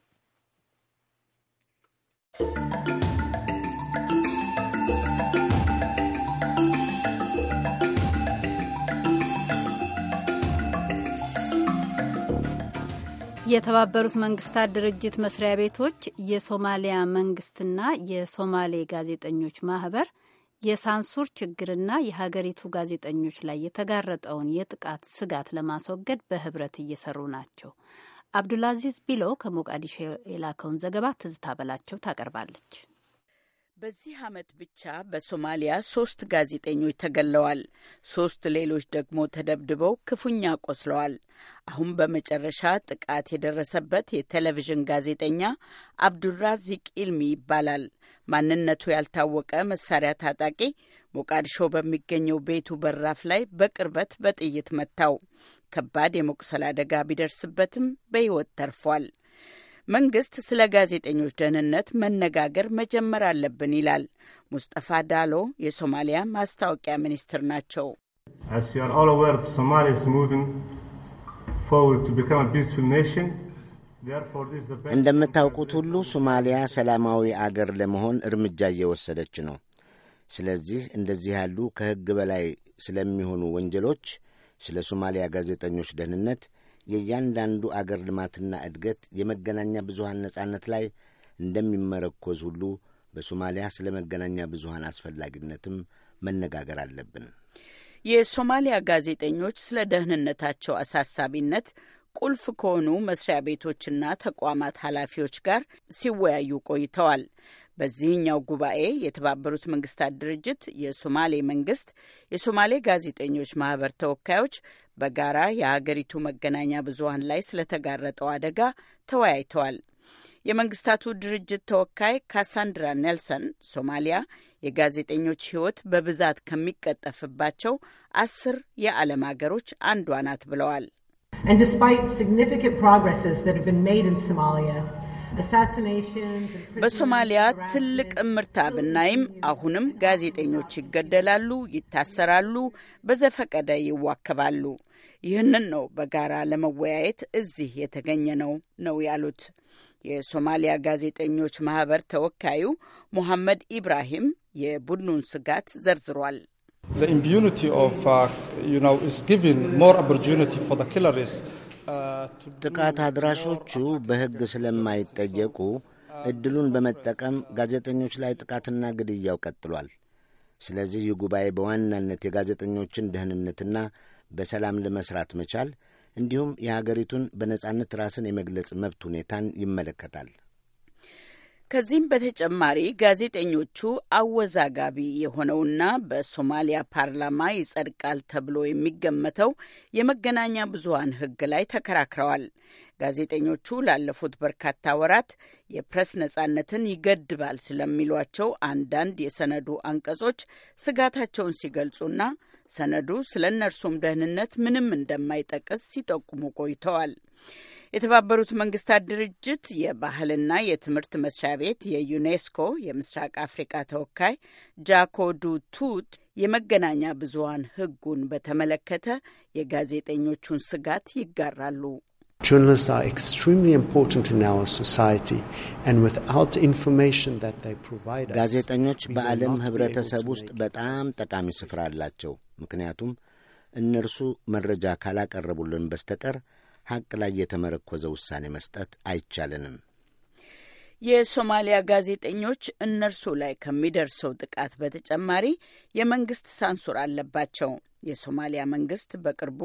የተባበሩት መንግስታት ድርጅት መስሪያ ቤቶች የሶማሊያ መንግስትና የሶማሌ ጋዜጠኞች ማህበር የሳንሱር ችግርና የሀገሪቱ ጋዜጠኞች ላይ የተጋረጠውን የጥቃት ስጋት ለማስወገድ በህብረት እየሰሩ ናቸው። አብዱላዚዝ ቢሎ ከሞቃዲሾ የላከውን ዘገባ ትዝታ በላቸው ታቀርባለች። በዚህ ዓመት ብቻ በሶማሊያ ሶስት ጋዜጠኞች ተገለዋል። ሶስት ሌሎች ደግሞ ተደብድበው ክፉኛ ቆስለዋል። አሁን በመጨረሻ ጥቃት የደረሰበት የቴሌቪዥን ጋዜጠኛ አብዱራዚቅ ኢልሚ ይባላል። ማንነቱ ያልታወቀ መሳሪያ ታጣቂ ሞቃዲሾ በሚገኘው ቤቱ በራፍ ላይ በቅርበት በጥይት መታው። ከባድ የመቁሰል አደጋ ቢደርስበትም በሕይወት ተርፏል። መንግስት ስለ ጋዜጠኞች ደህንነት መነጋገር መጀመር አለብን ይላል። ሙስጠፋ ዳሎ የሶማሊያ ማስታወቂያ ሚኒስትር ናቸው። እንደምታውቁት ሁሉ ሶማሊያ ሰላማዊ አገር ለመሆን እርምጃ እየወሰደች ነው። ስለዚህ እንደዚህ ያሉ ከሕግ በላይ ስለሚሆኑ ወንጀሎች ስለ ሶማሊያ ጋዜጠኞች ደህንነት የእያንዳንዱ አገር ልማትና እድገት የመገናኛ ብዙሃን ነጻነት ላይ እንደሚመረኮዝ ሁሉ በሶማሊያ ስለ መገናኛ ብዙሃን አስፈላጊነትም መነጋገር አለብን። የሶማሊያ ጋዜጠኞች ስለ ደህንነታቸው አሳሳቢነት ቁልፍ ከሆኑ መስሪያ ቤቶችና ተቋማት ኃላፊዎች ጋር ሲወያዩ ቆይተዋል። በዚህኛው ጉባኤ የተባበሩት መንግስታት ድርጅት፣ የሶማሌ መንግስት፣ የሶማሌ ጋዜጠኞች ማህበር ተወካዮች በጋራ የሀገሪቱ መገናኛ ብዙሀን ላይ ስለተጋረጠው አደጋ ተወያይተዋል። የመንግስታቱ ድርጅት ተወካይ ካሳንድራ ኔልሰን ሶማሊያ የጋዜጠኞች ሕይወት በብዛት ከሚቀጠፍባቸው አስር የዓለም ሀገሮች አንዷ ናት ብለዋል። And despite significant progresses that have been made in Somalia, በሶማሊያ ትልቅ እምርታ ብናይም አሁንም ጋዜጠኞች ይገደላሉ፣ ይታሰራሉ፣ በዘፈቀደ ይዋከባሉ። ይህንን ነው በጋራ ለመወያየት እዚህ የተገኘ ነው ነው ያሉት የሶማሊያ ጋዜጠኞች ማህበር ተወካዩ ሙሐመድ ኢብራሂም የቡድኑን ስጋት ዘርዝሯል። The ኦፍ ዩ uh, you know, is giving more ጥቃት አድራሾቹ በሕግ ስለማይጠየቁ እድሉን በመጠቀም ጋዜጠኞች ላይ ጥቃትና ግድያው ቀጥሏል። ስለዚህ ይህ ጉባኤ በዋናነት የጋዜጠኞችን ደህንነትና በሰላም ለመስራት መቻል እንዲሁም የሀገሪቱን በነጻነት ራስን የመግለጽ መብት ሁኔታን ይመለከታል። ከዚህም በተጨማሪ ጋዜጠኞቹ አወዛጋቢ የሆነውና በሶማሊያ ፓርላማ ይጸድቃል ተብሎ የሚገመተው የመገናኛ ብዙሃን ሕግ ላይ ተከራክረዋል። ጋዜጠኞቹ ላለፉት በርካታ ወራት የፕሬስ ነጻነትን ይገድባል ስለሚሏቸው አንዳንድ የሰነዱ አንቀጾች ስጋታቸውን ሲገልጹና ሰነዱ ስለ እነርሱም ደህንነት ምንም እንደማይጠቅስ ሲጠቁሙ ቆይተዋል። የተባበሩት መንግስታት ድርጅት የባህልና የትምህርት መስሪያ ቤት የዩኔስኮ የምስራቅ አፍሪቃ ተወካይ ጃኮ ዱ ቱት የመገናኛ ብዙሀን ህጉን በተመለከተ የጋዜጠኞቹን ስጋት ይጋራሉ። ጋዜጠኞች በዓለም ህብረተሰብ ውስጥ በጣም ጠቃሚ ስፍራ አላቸው። ምክንያቱም እነርሱ መረጃ ካላቀረቡልን በስተቀር ሀቅ ላይ የተመረኮዘ ውሳኔ መስጠት አይቻልንም። የሶማሊያ ጋዜጠኞች እነርሱ ላይ ከሚደርሰው ጥቃት በተጨማሪ የመንግስት ሳንሱር አለባቸው። የሶማሊያ መንግስት በቅርቡ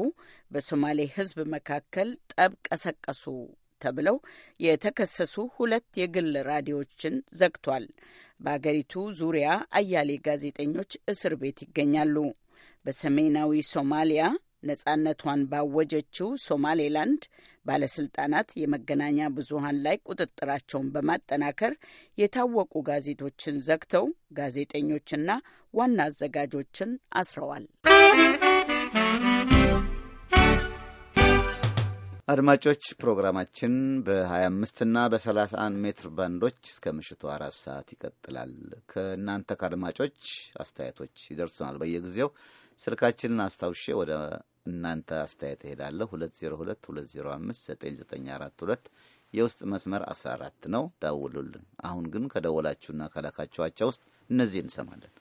በሶማሌ ሕዝብ መካከል ጠብ ቀሰቀሱ ተብለው የተከሰሱ ሁለት የግል ራዲዮዎችን ዘግቷል። በአገሪቱ ዙሪያ አያሌ ጋዜጠኞች እስር ቤት ይገኛሉ። በሰሜናዊ ሶማሊያ ነጻነቷን ባወጀችው ሶማሌላንድ ባለስልጣናት የመገናኛ ብዙሀን ላይ ቁጥጥራቸውን በማጠናከር የታወቁ ጋዜጦችን ዘግተው ጋዜጠኞችና ዋና አዘጋጆችን አስረዋል። አድማጮች ፕሮግራማችን በ25 እና በ31 ሜትር ባንዶች እስከ ምሽቱ አራት ሰዓት ይቀጥላል። ከእናንተ ከአድማጮች አስተያየቶች ይደርሱናል በየጊዜው ስልካችንን አስታውሼ ወደ እናንተ አስተያየት እሄዳለሁ። 2022059942 የውስጥ መስመር 14 ነው። ዳውሉልን። አሁን ግን ከደወላችሁና ከላካችኋቸው ውስጥ እነዚህ እንሰማለን።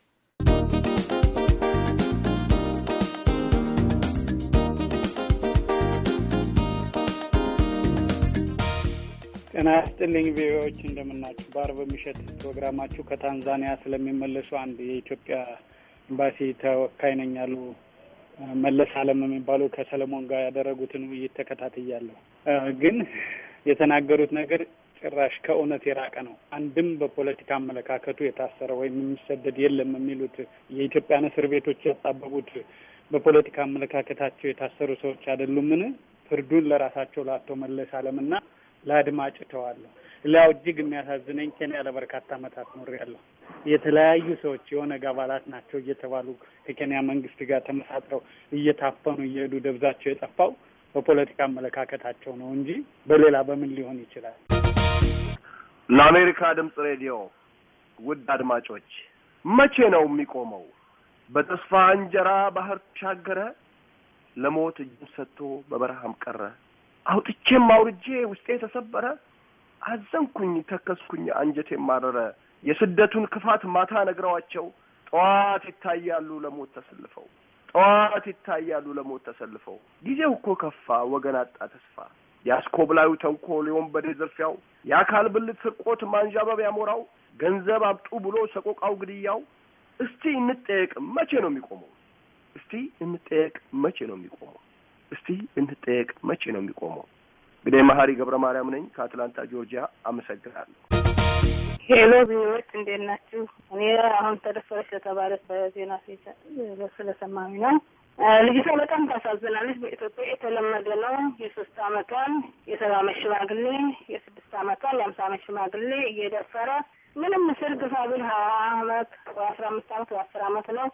ጤና ይስጥልኝ ቪዎች እንደምናችሁ። በአርብ የሚሸት ፕሮግራማችሁ ከታንዛኒያ ስለሚመለሱ አንድ የኢትዮጵያ ኤምባሲ ተወካይ ነኝ ያሉ መለስ አለም የሚባሉ ከሰለሞን ጋር ያደረጉትን ውይይት ተከታትያለሁ። ግን የተናገሩት ነገር ጭራሽ ከእውነት የራቀ ነው። አንድም በፖለቲካ አመለካከቱ የታሰረ ወይም የሚሰደድ የለም የሚሉት የኢትዮጵያን እስር ቤቶች ያጣበቡት በፖለቲካ አመለካከታቸው የታሰሩ ሰዎች አይደሉምን? ፍርዱን ለራሳቸው ለአቶ መለስ አለምና ለአድማጭ ተዋለሁ። ሌላው እጅግ የሚያሳዝነኝ ኬንያ ለበርካታ ዓመታት ኖሬያለሁ። የተለያዩ ሰዎች የኦነግ አባላት ናቸው እየተባሉ ከኬንያ መንግስት ጋር ተመሳጥረው እየታፈኑ እየሄዱ ደብዛቸው የጠፋው በፖለቲካ አመለካከታቸው ነው እንጂ በሌላ በምን ሊሆን ይችላል? ለአሜሪካ ድምፅ ሬዲዮ ውድ አድማጮች መቼ ነው የሚቆመው? በተስፋ እንጀራ ባህር ተሻገረ፣ ለሞት እጁን ሰጥቶ በበረሃም ቀረ። አውጥቼም አውርጄ ውስጤ ተሰበረ፣ አዘንኩኝ ተከስኩኝ አንጀቴ ማረረ። የስደቱን ክፋት ማታ ነግረዋቸው ጠዋት ይታያሉ ለሞት ተሰልፈው ጠዋት ይታያሉ ለሞት ተሰልፈው። ጊዜው እኮ ከፋ ወገን አጣ ተስፋ ያስኮብላዩ ተንኮል የወንበዴ ዝርፊያው የአካል ብልት ስርቆት ማንዣበብ ያሞራው ገንዘብ አብጡ ብሎ ሰቆቃው ግድያው። እስቲ እንጠየቅ መቼ ነው የሚቆመው? እስቲ እንጠየቅ መቼ ነው የሚቆመው? እስቲ እንጠየቅ መቼ ነው የሚቆመው? እንግዲህ መሀሪ ገብረ ማርያም ነኝ ከአትላንታ ጆርጂያ። አመሰግናለሁ። ሄሎ ቪዎች እንዴት ናችሁ? እኔ አሁን ተደፈረች ለተባለ ዜና ስለሰማሁኝ ነው። ልጅቷ በጣም ታሳዝናለች። በኢትዮጵያ የተለመደ ነው። የሶስት አመቷን የሰባ አመት ሽማግሌ፣ የስድስት አመቷን የአምሳ አመት ሽማግሌ እየደፈረ ምንም ምስር ግፋ ቢል ሀያ አመት ወይ አስራ አምስት አመት ወይ አስር አመት ነው።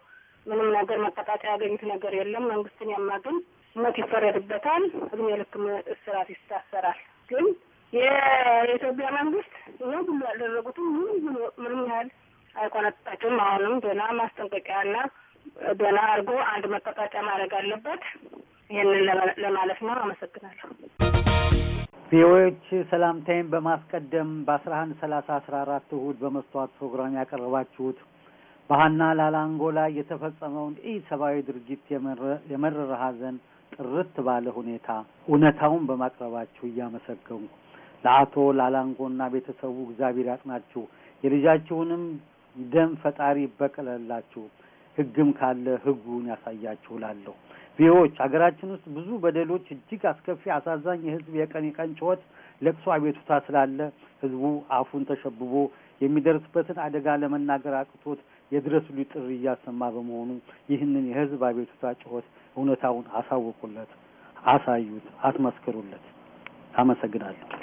ምንም ነገር መቀጣጫ ያገኙት ነገር የለም። መንግስትን ያማግን ሞት ይፈረድበታል። እድሜ ልክም እስራት ይታሰራል። ግን የኢትዮጵያ መንግስት ይህ ሁሉ ያደረጉትም ምንም ይሁን ምንም ያህል አይቆነጥጣቸውም። አሁንም ገና ማስጠንቀቂያና ገና አድርጎ አንድ መቀጣጫ ማድረግ አለበት። ይህንን ለማለት ነው። አመሰግናለሁ። ቪኦኤዎች ሰላምታይም በማስቀደም በአስራ አንድ ሰላሳ አስራ አራት እሁድ በመስተዋት ፕሮግራም ያቀረባችሁት ባህና ላላንጎ ላይ የተፈጸመውን ኢ ሰብአዊ ድርጊት የመረረ ሀዘን ጥርት ባለ ሁኔታ እውነታውን በማቅረባችሁ እያመሰገንኩ ለአቶ ላላንጎና ቤተሰቡ እግዚአብሔር ያጽናችሁ፣ የልጃችሁንም ደም ፈጣሪ ይበቀለላችሁ፣ ህግም ካለ ህጉን ያሳያችሁ እላለሁ። ቪዎች ሀገራችን ውስጥ ብዙ በደሎች፣ እጅግ አስከፊ አሳዛኝ የህዝብ የቀን የቀን ጩኸት፣ ለቅሶ፣ አቤቱታ ስላለ ህዝቡ አፉን ተሸብቦ የሚደርስበትን አደጋ ለመናገር አቅቶት የድረሱልኝ ጥሪ እያሰማ በመሆኑ ይህንን የህዝብ አቤቱታ ጩኸት እውነታውን አሳውቁለት፣ አሳዩት፣ አስመስክሩለት። አመሰግናለሁ።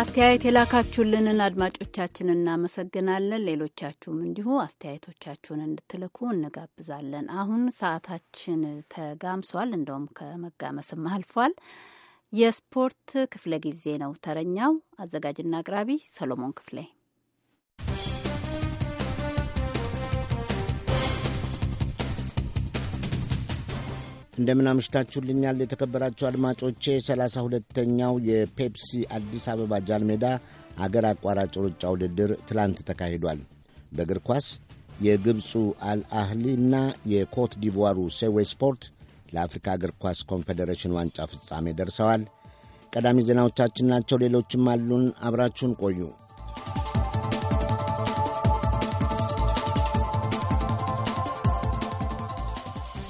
አስተያየት የላካችሁልንን አድማጮቻችን እናመሰግናለን። ሌሎቻችሁም እንዲሁ አስተያየቶቻችሁን እንድትልኩ እንጋብዛለን። አሁን ሰዓታችን ተጋምሷል፣ እንደውም ከመጋመስም አልፏል። የስፖርት ክፍለ ጊዜ ነው። ተረኛው አዘጋጅና አቅራቢ ሰሎሞን ክፍሌ እንደምን አምሽታችሁልኛል የተከበራችሁ አድማጮቼ። ሰላሳ ሁለተኛው የፔፕሲ አዲስ አበባ ጃንሜዳ አገር አቋራጭ ሩጫ ውድድር ትላንት ተካሂዷል። በእግር ኳስ የግብፁ አልአህሊ እና የኮት ዲቯሩ ሴዌ ስፖርት ለአፍሪካ እግር ኳስ ኮንፌዴሬሽን ዋንጫ ፍጻሜ ደርሰዋል። ቀዳሚ ዜናዎቻችን ናቸው። ሌሎችም አሉን። አብራችሁን ቆዩ።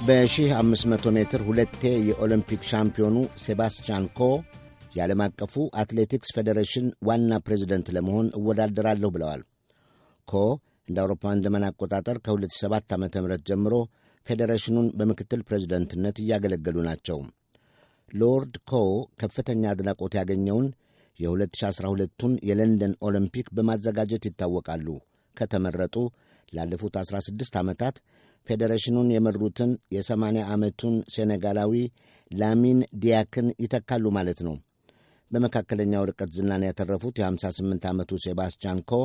በ1500 ሜትር ሁለቴ የኦሎምፒክ ሻምፒዮኑ ሴባስቲያን ኮ የዓለም አቀፉ አትሌቲክስ ፌዴሬሽን ዋና ፕሬዚደንት ለመሆን እወዳደራለሁ ብለዋል። ኮ እንደ አውሮፓውያን ዘመን አቆጣጠር ከ2007 ዓ ም ጀምሮ ፌዴሬሽኑን በምክትል ፕሬዚደንትነት እያገለገሉ ናቸው። ሎርድ ኮ ከፍተኛ አድናቆት ያገኘውን የ2012ቱን የለንደን ኦሎምፒክ በማዘጋጀት ይታወቃሉ። ከተመረጡ ላለፉት 16 ዓመታት ፌዴሬሽኑን የመሩትን የ ዓመቱን ሴኔጋላዊ ላሚን ዲያክን ይተካሉ ማለት ነው። በመካከለኛው ርቀት ዝናን ያተረፉት የ58 ዓመቱ ሴባስቲያን ኮ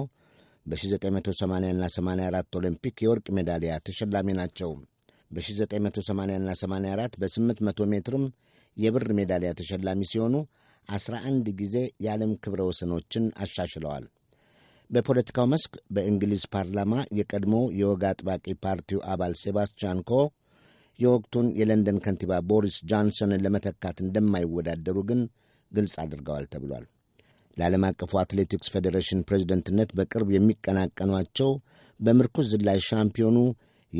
በ 1980 84 ኦሎምፒክ የወርቅ ሜዳሊያ ተሸላሚ ናቸው። 1980 84 በ800 ሜትርም የብር ሜዳሊያ ተሸላሚ ሲሆኑ 11 ጊዜ የዓለም ክብረ ወሰኖችን አሻሽለዋል። በፖለቲካው መስክ በእንግሊዝ ፓርላማ የቀድሞ የወግ አጥባቂ ፓርቲው አባል ሴባስቲያን ኮ የወቅቱን የለንደን ከንቲባ ቦሪስ ጆንሰንን ለመተካት እንደማይወዳደሩ ግን ግልጽ አድርገዋል ተብሏል። ለዓለም አቀፉ አትሌቲክስ ፌዴሬሽን ፕሬዚደንትነት በቅርብ የሚቀናቀኗቸው በምርኩዝ ዝላይ ሻምፒዮኑ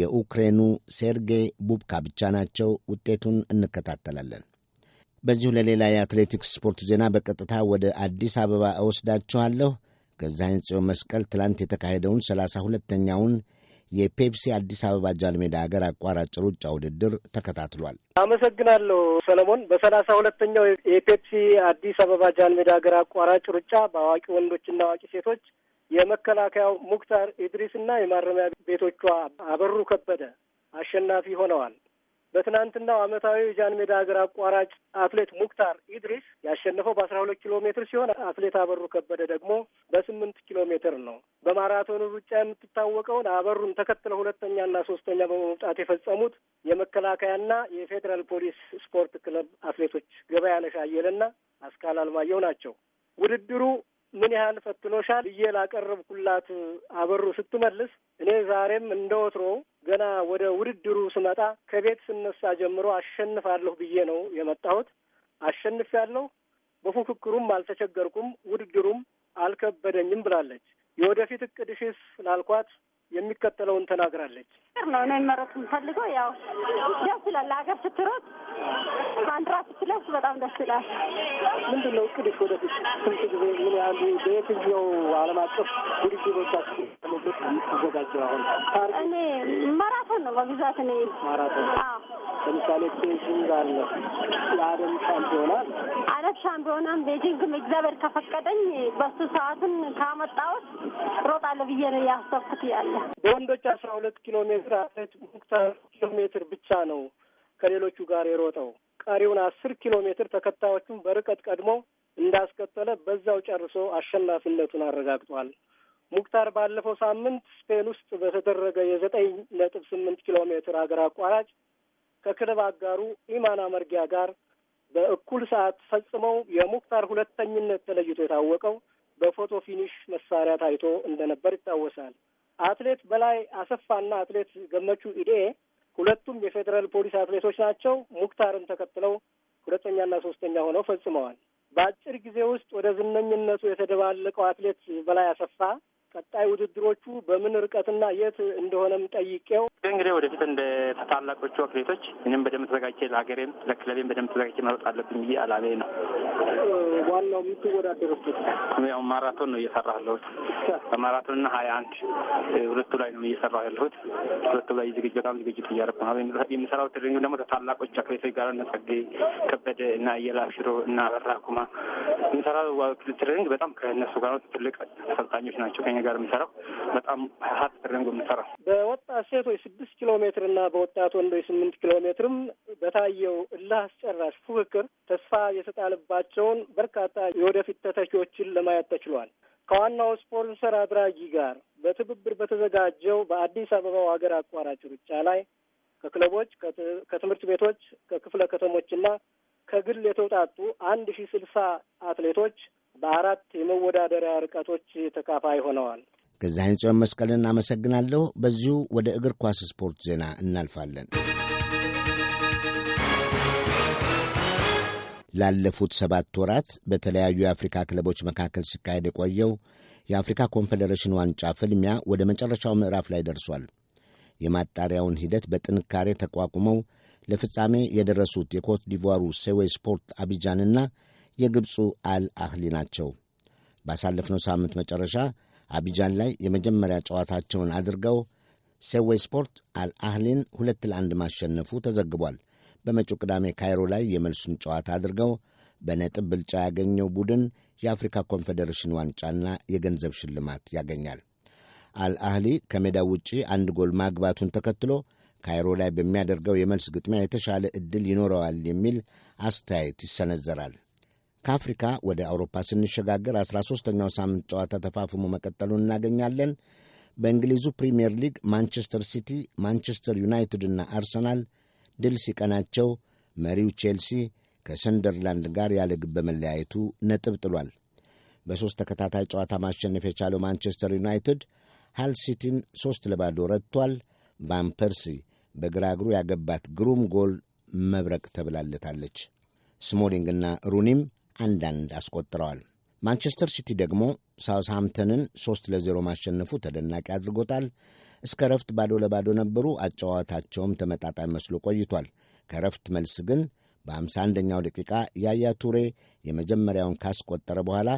የዩክሬኑ ሴርጌይ ቡብካ ብቻ ናቸው። ውጤቱን እንከታተላለን። በዚሁ ለሌላ የአትሌቲክስ ስፖርት ዜና በቀጥታ ወደ አዲስ አበባ እወስዳችኋለሁ። ገዛኸኝ ጽዮን መስቀል ትላንት የተካሄደውን ሰላሳ ሁለተኛውን የፔፕሲ አዲስ አበባ ጃልሜዳ ሀገር አቋራጭ ሩጫ ውድድር ተከታትሏል። አመሰግናለሁ ሰለሞን። በሰላሳ ሁለተኛው የፔፕሲ አዲስ አበባ ጃልሜዳ ሀገር አቋራጭ ሩጫ በአዋቂ ወንዶችና አዋቂ ሴቶች የመከላከያው ሙክታር ኢድሪስና የማረሚያ ቤቶቿ አበሩ ከበደ አሸናፊ ሆነዋል። በትናንትናው ዓመታዊ የጃን ሜዳ ሀገር አቋራጭ አትሌት ሙክታር ኢድሪስ ያሸነፈው በአስራ ሁለት ኪሎ ሜትር ሲሆን አትሌት አበሩ ከበደ ደግሞ በስምንት ኪሎ ሜትር ነው። በማራቶኑ ሩጫ የምትታወቀውን አበሩን ተከትለው ሁለተኛና ሶስተኛ በመውጣት የፈጸሙት የመከላከያና የፌዴራል ፖሊስ ስፖርት ክለብ አትሌቶች ገበያነሽ አየለና አስካል አልማየሁ ናቸው። ውድድሩ ምን ያህል ፈትኖሻል ብዬ ላቀረብኩላት አበሩ ስትመልስ እኔ ዛሬም እንደ ወትሮ ገና ወደ ውድድሩ ስመጣ ከቤት ስነሳ ጀምሮ አሸንፋለሁ ብዬ ነው የመጣሁት። አሸንፍ ያለሁ በፉክክሩም አልተቸገርኩም፣ ውድድሩም አልከበደኝም ብላለች። የወደፊት እቅድሽስ ላልኳት የሚከተለውን ተናግራለች። ር ነው እኔ መሮጥ የምፈልገው ያው ደስ ይላል። ለሀገር ስትሮጥ ባንዲራ ስትለብስ በጣም ደስ ይላል። ምንድን ነው እቅድሽ ወደፊት? ስንት ጊዜ ምን ያህል በየትኛው ዓለም አቀፍ ውድድሮቻችሁ ምግብ የምትዘጋጀው? አሁን እኔ ማራቶን ነው በብዛት እኔ ማራቶን። ለምሳሌ ቤጂንግ አለ የዓለም ሻምፒዮና ዓለም ሻምፒዮናም ቤጂንግም እግዚአብሔር ከፈቀደኝ በሱ ሰዓትን ካመጣሁት እሮጣለሁ ብዬ ነው ያሰብኩት። ያለ በወንዶች አስራ ሁለት ኪሎ ሜትር አትሌት ሙክታር ኪሎ ሜትር ብቻ ነው ከሌሎቹ ጋር የሮጠው። ቀሪውን አስር ኪሎ ሜትር ተከታዮቹን በርቀት ቀድሞ እንዳስከተለ በዛው ጨርሶ አሸናፊነቱን አረጋግጧል። ሙክታር ባለፈው ሳምንት ስፔን ውስጥ በተደረገ የዘጠኝ ነጥብ ስምንት ኪሎ ሜትር ሀገር አቋራጭ ከክለብ አጋሩ ኢማና መርጊያ ጋር በእኩል ሰዓት ፈጽመው የሙክታር ሁለተኝነት ተለይቶ የታወቀው በፎቶ ፊኒሽ መሳሪያ ታይቶ እንደነበር ይታወሳል። አትሌት በላይ አሰፋና አትሌት ገመቹ ኢዴ ሁለቱም የፌዴራል ፖሊስ አትሌቶች ናቸው። ሙክታርን ተከትለው ሁለተኛና ሶስተኛ ሆነው ፈጽመዋል። በአጭር ጊዜ ውስጥ ወደ ዝነኝነቱ የተደባለቀው አትሌት በላይ አሰፋ ቀጣይ ውድድሮቹ በምን ርቀትና የት እንደሆነም ጠይቄው እንግዲህ ወደፊት እንደ ታላቆቹ አትሌቶች እኔም በደንብ ተዘጋጀ ለሀገሬም ለክለቤም በደንብ ተዘጋጀ መሮጥ አለብኝ ብዬ አላሜ ነው። ዋናው የምትወዳደርበት ያው ማራቶን ነው እየሰራ ያለሁት በማራቶን በማራቶንና ሀያ አንድ ሁለቱ ላይ ነው እየሰራ ያለሁት። ሁለቱ ላይ ዝግጅ በጣም ዝግጅት እያደረኩ ነው። የሚሰራው። ትሬኒንግ ደግሞ ከታላቆች አትሌቶች ጋር ነው። ጸጋዬ ከበደ እና አየላ ሽሮ እና በራ ኩማ የሚሰራው ትሬኒንግ በጣም ከእነሱ ጋር ትልቅ አሰልጣኞች ናቸው ከኛ ጋር የምንሰራው በጣም ሀት ተደንጎ የምንሰራው በወጣት ሴቶች ስድስት ኪሎ ሜትር እና በወጣት ወንዶች ስምንት ኪሎ ሜትርም በታየው እልህ አስጨራሽ ፉክክር ተስፋ የተጣለባቸውን በርካታ የወደፊት ተተኪዎችን ለማየት ተችሏል። ከዋናው ስፖንሰር አድራጊ ጋር በትብብር በተዘጋጀው በአዲስ አበባው ሀገር አቋራጭ ሩጫ ላይ ከክለቦች፣ ከትምህርት ቤቶች፣ ከክፍለ ከተሞችና ከግል የተውጣጡ አንድ ሺ ስልሳ አትሌቶች በአራት የመወዳደሪያ ርቀቶች ተካፋይ ሆነዋል። ገዛኸኝ ጽዮን መስቀልን አመሰግናለሁ። በዚሁ ወደ እግር ኳስ ስፖርት ዜና እናልፋለን። ላለፉት ሰባት ወራት በተለያዩ የአፍሪካ ክለቦች መካከል ሲካሄድ የቆየው የአፍሪካ ኮንፌዴሬሽን ዋንጫ ፍልሚያ ወደ መጨረሻው ምዕራፍ ላይ ደርሷል። የማጣሪያውን ሂደት በጥንካሬ ተቋቁመው ለፍጻሜ የደረሱት የኮት ዲቯሩ ሴዌ ስፖርት አቢጃንና የግብፁ አል አህሊ ናቸው። ባሳለፍነው ሳምንት መጨረሻ አቢጃን ላይ የመጀመሪያ ጨዋታቸውን አድርገው ሴዌ ስፖርት አልአህሊን ሁለት ለአንድ ማሸነፉ ተዘግቧል። በመጪው ቅዳሜ ካይሮ ላይ የመልሱን ጨዋታ አድርገው በነጥብ ብልጫ ያገኘው ቡድን የአፍሪካ ኮንፌዴሬሽን ዋንጫና የገንዘብ ሽልማት ያገኛል። አልአህሊ ከሜዳው ውጪ አንድ ጎል ማግባቱን ተከትሎ ካይሮ ላይ በሚያደርገው የመልስ ግጥሚያ የተሻለ ዕድል ይኖረዋል የሚል አስተያየት ይሰነዘራል። ከአፍሪካ ወደ አውሮፓ ስንሸጋገር 13ኛው ሳምንት ጨዋታ ተፋፍሞ መቀጠሉን እናገኛለን። በእንግሊዙ ፕሪምየር ሊግ ማንቸስተር ሲቲ፣ ማንቸስተር ዩናይትድ እና አርሰናል ድል ሲቀናቸው መሪው ቼልሲ ከሰንደርላንድ ጋር ያለ ግብ በመለያየቱ ነጥብ ጥሏል። በሦስት ተከታታይ ጨዋታ ማሸነፍ የቻለው ማንቸስተር ዩናይትድ ሃል ሲቲን ሦስት ለባዶ ረድቷል። ቫን ፐርሲ በግራ እግሩ ያገባት ግሩም ጎል መብረቅ ተብላለታለች። ስሞሊንግና ሩኒም አንዳንድ አስቆጥረዋል። ማንቸስተር ሲቲ ደግሞ ሳውስሃምፕተንን ሦስት ለዜሮ ማሸነፉ ተደናቂ አድርጎታል። እስከ ረፍት ባዶ ለባዶ ነበሩ። አጫዋታቸውም ተመጣጣኝ መስሎ ቆይቷል። ከረፍት መልስ ግን በአምሳ አንደኛው ደቂቃ ያያ ቱሬ የመጀመሪያውን ካስቆጠረ በኋላ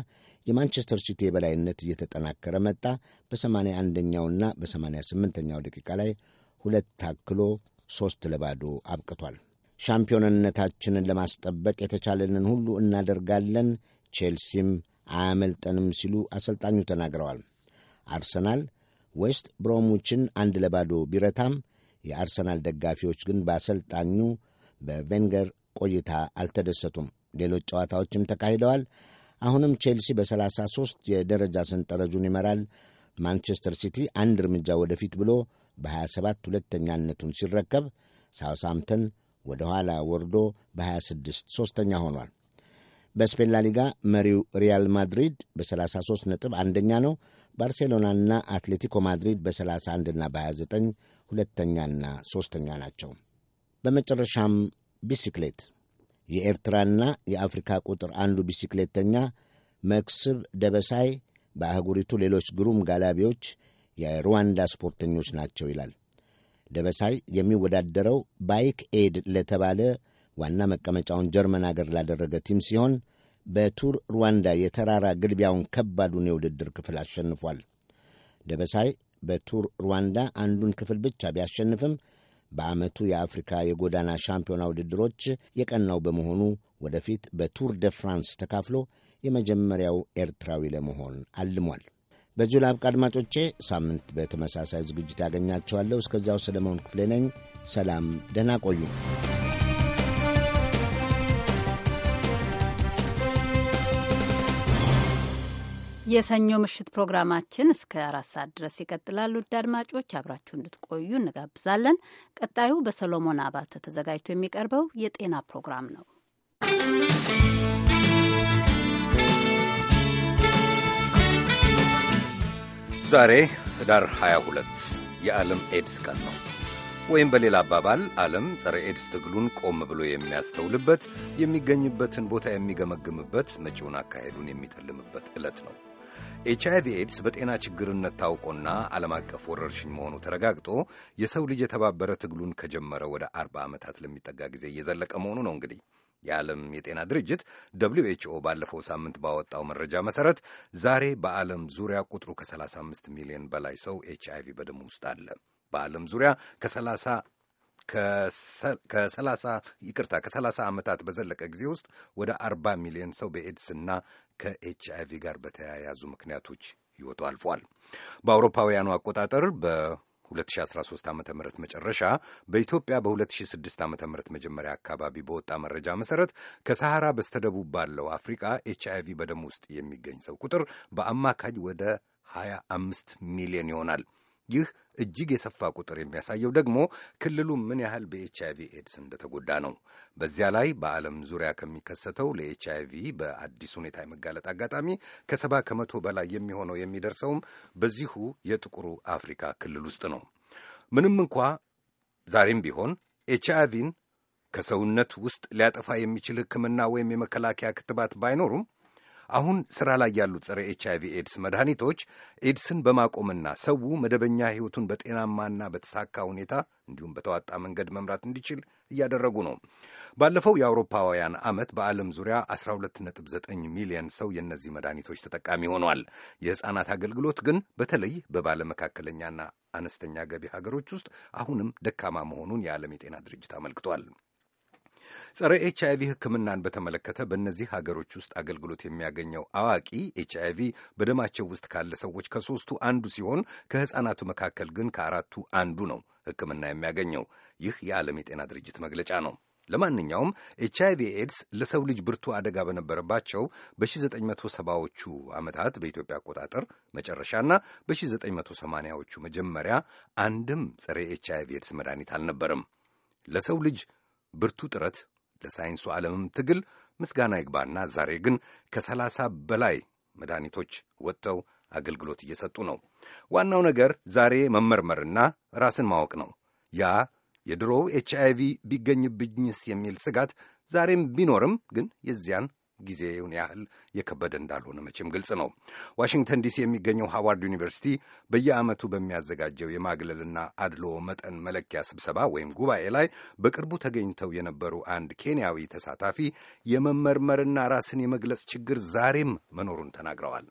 የማንቸስተር ሲቲ የበላይነት እየተጠናከረ መጣ። በሰማንያ አንደኛውና በሰማንያ ስምንተኛው ደቂቃ ላይ ሁለት ታክሎ ሦስት ለባዶ አብቅቷል። ሻምፒዮንነታችንን ለማስጠበቅ የተቻለንን ሁሉ እናደርጋለን፣ ቼልሲም አያመልጠንም ሲሉ አሰልጣኙ ተናግረዋል። አርሰናል ዌስት ብሮሙችን አንድ ለባዶ ቢረታም የአርሰናል ደጋፊዎች ግን በአሰልጣኙ በቬንገር ቆይታ አልተደሰቱም። ሌሎች ጨዋታዎችም ተካሂደዋል። አሁንም ቼልሲ በ33 የደረጃ ሰንጠረዡን ይመራል። ማንቸስተር ሲቲ አንድ እርምጃ ወደፊት ብሎ በ27 ሁለተኛነቱን ሲረከብ ሳውሳምተን ወደ ኋላ ወርዶ በ26 ሦስተኛ ሆኗል። በስፔን ላሊጋ መሪው ሪያል ማድሪድ በ33 ነጥብ አንደኛ ነው። ባርሴሎናና አትሌቲኮ ማድሪድ በ31ና በ29 ሁለተኛና ሦስተኛ ናቸው። በመጨረሻም ቢሲክሌት የኤርትራና የአፍሪካ ቁጥር አንዱ ቢሲክሌተኛ መክስብ ደበሳይ በአህጉሪቱ ሌሎች ግሩም ጋላቢዎች የሩዋንዳ ስፖርተኞች ናቸው ይላል። ደበሳይ የሚወዳደረው ባይክ ኤድ ለተባለ ዋና መቀመጫውን ጀርመን አገር ላደረገ ቲም ሲሆን በቱር ሩዋንዳ የተራራ ግልቢያውን ከባዱን የውድድር ክፍል አሸንፏል። ደበሳይ በቱር ሩዋንዳ አንዱን ክፍል ብቻ ቢያሸንፍም በዓመቱ የአፍሪካ የጎዳና ሻምፒዮና ውድድሮች የቀናው በመሆኑ ወደፊት በቱር ደ ፍራንስ ተካፍሎ የመጀመሪያው ኤርትራዊ ለመሆን አልሟል። በዚሁ ላብቃ አድማጮቼ። ሳምንት በተመሳሳይ ዝግጅት ያገኛቸዋለሁ። እስከዚያው ሰለሞን ክፍሌ ነኝ። ሰላም፣ ደህና ቆዩ። የሰኞ ምሽት ፕሮግራማችን እስከ አራት ሰዓት ድረስ ይቀጥላል። ውድ አድማጮች አብራችሁ እንድትቆዩ እንጋብዛለን። ቀጣዩ በሰሎሞን አባተ ተዘጋጅቶ የሚቀርበው የጤና ፕሮግራም ነው። ዛሬ ህዳር 22 የዓለም ኤድስ ቀን ነው። ወይም በሌላ አባባል ዓለም ጸረ ኤድስ ትግሉን ቆም ብሎ የሚያስተውልበት፣ የሚገኝበትን ቦታ የሚገመግምበት፣ መጪውን አካሄዱን የሚተልምበት ዕለት ነው። ኤች አይቪ ኤድስ በጤና ችግርነት ታውቆና ዓለም አቀፍ ወረርሽኝ መሆኑ ተረጋግጦ የሰው ልጅ የተባበረ ትግሉን ከጀመረ ወደ አርባ ዓመታት ለሚጠጋ ጊዜ እየዘለቀ መሆኑ ነው እንግዲህ የዓለም የጤና ድርጅት ደብሊው ኤችኦ ባለፈው ሳምንት ባወጣው መረጃ መሰረት ዛሬ በዓለም ዙሪያ ቁጥሩ ከ35 ሚሊዮን በላይ ሰው ኤች አይቪ በደም ውስጥ አለ። በዓለም ዙሪያ ከ30 ከ30 ይቅርታ ከ30 ዓመታት በዘለቀ ጊዜ ውስጥ ወደ 40 ሚሊዮን ሰው በኤድስና ከኤች አይቪ ጋር በተያያዙ ምክንያቶች ሕይወቱ አልፏል። በአውሮፓውያኑ አቆጣጠር በ 2013 ዓ ም መጨረሻ በኢትዮጵያ በ2006 ዓ ም መጀመሪያ አካባቢ በወጣ መረጃ መሰረት ከሰሐራ በስተደቡብ ባለው አፍሪቃ ኤች ቪ በደም ውስጥ የሚገኝ ሰው ቁጥር በአማካኝ ወደ 25 ሚሊዮን ይሆናል። ይህ እጅግ የሰፋ ቁጥር የሚያሳየው ደግሞ ክልሉ ምን ያህል በኤች አይቪ ኤድስ እንደተጎዳ ነው። በዚያ ላይ በዓለም ዙሪያ ከሚከሰተው ለኤች አይቪ በአዲስ ሁኔታ የመጋለጥ አጋጣሚ ከሰባ ከመቶ በላይ የሚሆነው የሚደርሰውም በዚሁ የጥቁሩ አፍሪካ ክልል ውስጥ ነው። ምንም እንኳ ዛሬም ቢሆን ኤች አይቪን ከሰውነት ውስጥ ሊያጠፋ የሚችል ሕክምና ወይም የመከላከያ ክትባት ባይኖሩም አሁን ስራ ላይ ያሉት ጸረ ኤች አይቪ ኤድስ መድኃኒቶች ኤድስን በማቆምና ሰው መደበኛ ህይወቱን በጤናማና በተሳካ ሁኔታ እንዲሁም በተዋጣ መንገድ መምራት እንዲችል እያደረጉ ነው። ባለፈው የአውሮፓውያን ዓመት በዓለም ዙሪያ 129 ሚሊዮን ሰው የእነዚህ መድኃኒቶች ተጠቃሚ ሆኗል። የሕፃናት አገልግሎት ግን በተለይ በባለመካከለኛና አነስተኛ ገቢ ሀገሮች ውስጥ አሁንም ደካማ መሆኑን የዓለም የጤና ድርጅት አመልክቷል። ጸረ ኤች አይቪ ሕክምናን በተመለከተ በእነዚህ ሀገሮች ውስጥ አገልግሎት የሚያገኘው አዋቂ ኤች አይቪ በደማቸው ውስጥ ካለ ሰዎች ከሶስቱ አንዱ ሲሆን ከሕፃናቱ መካከል ግን ከአራቱ አንዱ ነው ሕክምና የሚያገኘው። ይህ የዓለም የጤና ድርጅት መግለጫ ነው። ለማንኛውም ኤች አይቪ ኤድስ ለሰው ልጅ ብርቱ አደጋ በነበረባቸው በ1970ዎቹ ዓመታት በኢትዮጵያ አቆጣጠር መጨረሻና በ1980ዎቹ መጀመሪያ አንድም ጸረ ኤች አይቪ ኤድስ መድኃኒት አልነበረም። ለሰው ልጅ ብርቱ ጥረት ለሳይንሱ ዓለምም ትግል ምስጋና ይግባና ዛሬ ግን ከሰላሳ በላይ መድኃኒቶች ወጥተው አገልግሎት እየሰጡ ነው። ዋናው ነገር ዛሬ መመርመርና ራስን ማወቅ ነው። ያ የድሮው ኤች አይቪ ቢገኝብኝስ የሚል ስጋት ዛሬም ቢኖርም ግን የዚያን ጊዜውን ያህል የከበደ እንዳልሆነ መቼም ግልጽ ነው። ዋሽንግተን ዲሲ የሚገኘው ሃዋርድ ዩኒቨርሲቲ በየዓመቱ በሚያዘጋጀው የማግለልና አድሎ መጠን መለኪያ ስብሰባ ወይም ጉባኤ ላይ በቅርቡ ተገኝተው የነበሩ አንድ ኬንያዊ ተሳታፊ የመመርመርና ራስን የመግለጽ ችግር ዛሬም መኖሩን ተናግረዋል።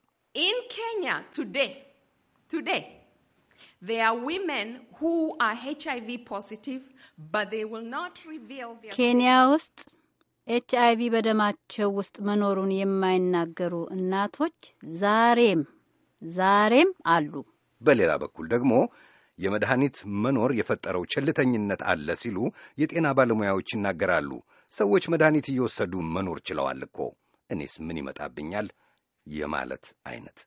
ኢን ኬንያ ቱዴይ ቱዴይ ኬንያ ውስጥ ኤች አይ ቪ በደማቸው ውስጥ መኖሩን የማይናገሩ እናቶች ዛሬም ዛሬም አሉ። በሌላ በኩል ደግሞ የመድኃኒት መኖር የፈጠረው ቸልተኝነት አለ ሲሉ የጤና ባለሙያዎች ይናገራሉ። ሰዎች መድኃኒት እየወሰዱ መኖር ችለዋል እኮ እኔስ ምን ይመጣብኛል የማለት አይነት።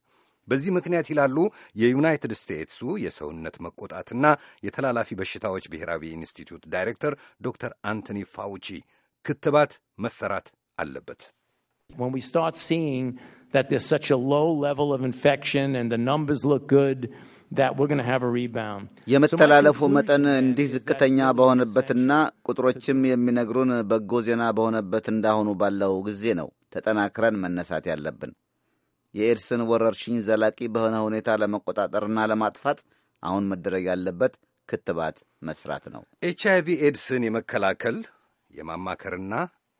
በዚህ ምክንያት ይላሉ የዩናይትድ ስቴትሱ የሰውነት መቆጣትና የተላላፊ በሽታዎች ብሔራዊ ኢንስቲትዩት ዳይሬክተር ዶክተር አንቶኒ ፋውቺ ክትባት መሰራት አለበት። የመተላለፉ መጠን እንዲህ ዝቅተኛ በሆነበትና ቁጥሮችም የሚነግሩን በጎ ዜና በሆነበት እንዳሁኑ ባለው ጊዜ ነው ተጠናክረን መነሳት ያለብን። የኤድስን ወረርሽኝ ዘላቂ በሆነ ሁኔታ ለመቆጣጠርና ለማጥፋት አሁን መደረግ ያለበት ክትባት መስራት ነው። ኤች አይቪ ኤድስን የመከላከል የማማከርና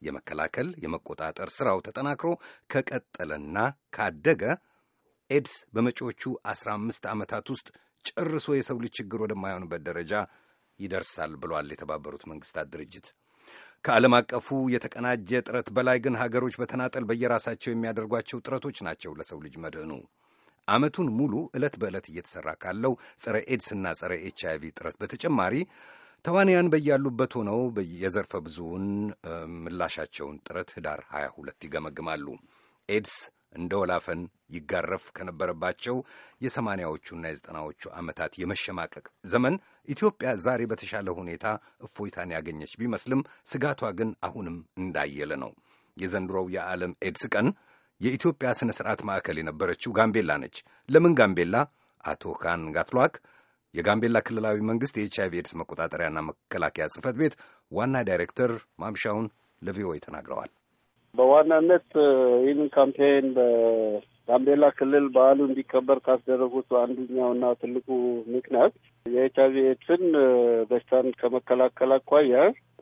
የመከላከል የመቆጣጠር ስራው ተጠናክሮ ከቀጠለና ካደገ ኤድስ በመጪዎቹ 15 ዓመታት ውስጥ ጨርሶ የሰው ልጅ ችግር ወደማይሆንበት ደረጃ ይደርሳል ብሏል የተባበሩት መንግስታት ድርጅት። ከዓለም አቀፉ የተቀናጀ ጥረት በላይ ግን ሀገሮች በተናጠል በየራሳቸው የሚያደርጓቸው ጥረቶች ናቸው ለሰው ልጅ መድህኑ። ዓመቱን ሙሉ ዕለት በዕለት እየተሠራ ካለው ጸረ ኤድስና ጸረ ኤች አይቪ ጥረት በተጨማሪ ተዋንያን በያሉበት ሆነው የዘርፈ ብዙውን ምላሻቸውን ጥረት ህዳር 22 ይገመግማሉ። ኤድስ እንደ ወላፈን ይጋረፍ ከነበረባቸው የሰማንያዎቹና የዘጠናዎቹ ዓመታት የመሸማቀቅ ዘመን ኢትዮጵያ ዛሬ በተሻለ ሁኔታ እፎይታን ያገኘች ቢመስልም ስጋቷ ግን አሁንም እንዳየለ ነው። የዘንድሮው የዓለም ኤድስ ቀን የኢትዮጵያ ሥነ ሥርዓት ማዕከል የነበረችው ጋምቤላ ነች። ለምን ጋምቤላ? አቶ ካን ጋትሏክ የጋምቤላ ክልላዊ መንግስት የኤች አይቪ ኤድስ መቆጣጠሪያና መከላከያ ጽህፈት ቤት ዋና ዳይሬክተር ማምሻውን ለቪኦኤ ተናግረዋል። በዋናነት ይህን ካምፔን በጋምቤላ ክልል በዓሉ እንዲከበር ካስደረጉት አንዱኛውና ትልቁ ምክንያት የኤች አይቪ ኤድስን በሽታን ከመከላከል አኳያ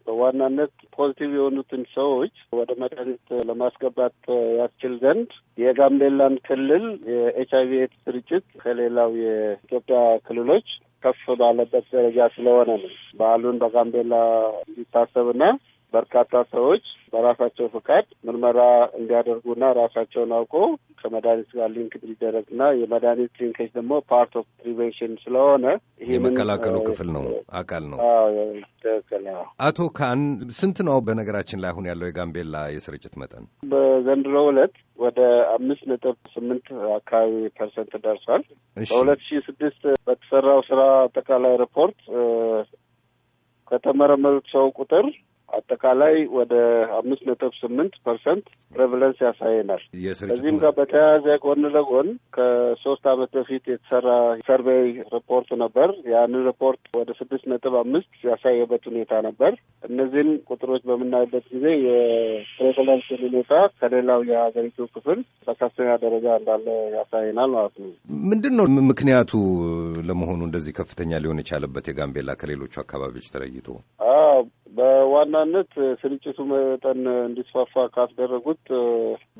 በዋናነት ፖዚቲቭ የሆኑትን ሰዎች ወደ መድኃኒት ለማስገባት ያስችል ዘንድ የጋምቤላን ክልል የኤች አይቪ ኤድስ ስርጭት ከሌላው የኢትዮጵያ ክልሎች ከፍ ባለበት ደረጃ ስለሆነ ነው በዓሉን በጋምቤላ እንዲታሰብና በርካታ ሰዎች በራሳቸው ፍቃድ ምርመራ እንዲያደርጉና ራሳቸውን አውቆ ከመድኃኒት ጋር ሊንክ እንዲደረግና የመድኃኒት ሊንኬጅ ደግሞ ፓርት ኦፍ ፕሪቬንሽን ስለሆነ የመከላከሉ ክፍል ነው አካል ነው። አቶ ካን ስንት ነው በነገራችን ላይ አሁን ያለው የጋምቤላ የስርጭት መጠን? በዘንድሮ ዕለት ወደ አምስት ነጥብ ስምንት አካባቢ ፐርሰንት ደርሷል። በሁለት ሺ ስድስት በተሰራው ስራ አጠቃላይ ሪፖርት ከተመረመሩት ሰው ቁጥር አጠቃላይ ወደ አምስት ነጥብ ስምንት ፐርሰንት ፕሬቨለንስ ያሳየናል። ከዚህም ጋር በተያያዘ ጎን ለጎን ከሶስት አመት በፊት የተሰራ ሰርቬይ ሪፖርት ነበር። ያንን ሪፖርት ወደ ስድስት ነጥብ አምስት ያሳየበት ሁኔታ ነበር። እነዚህን ቁጥሮች በምናይበት ጊዜ የፕሬቨለንስ ሁኔታ ከሌላው የሀገሪቱ ክፍል በከፍተኛ ደረጃ እንዳለ ያሳየናል ማለት ነው። ምንድን ነው ምክንያቱ ለመሆኑ እንደዚህ ከፍተኛ ሊሆን የቻለበት የጋምቤላ ከሌሎቹ አካባቢዎች ተለይቶ በዋናነት ስርጭቱ መጠን እንዲስፋፋ ካስደረጉት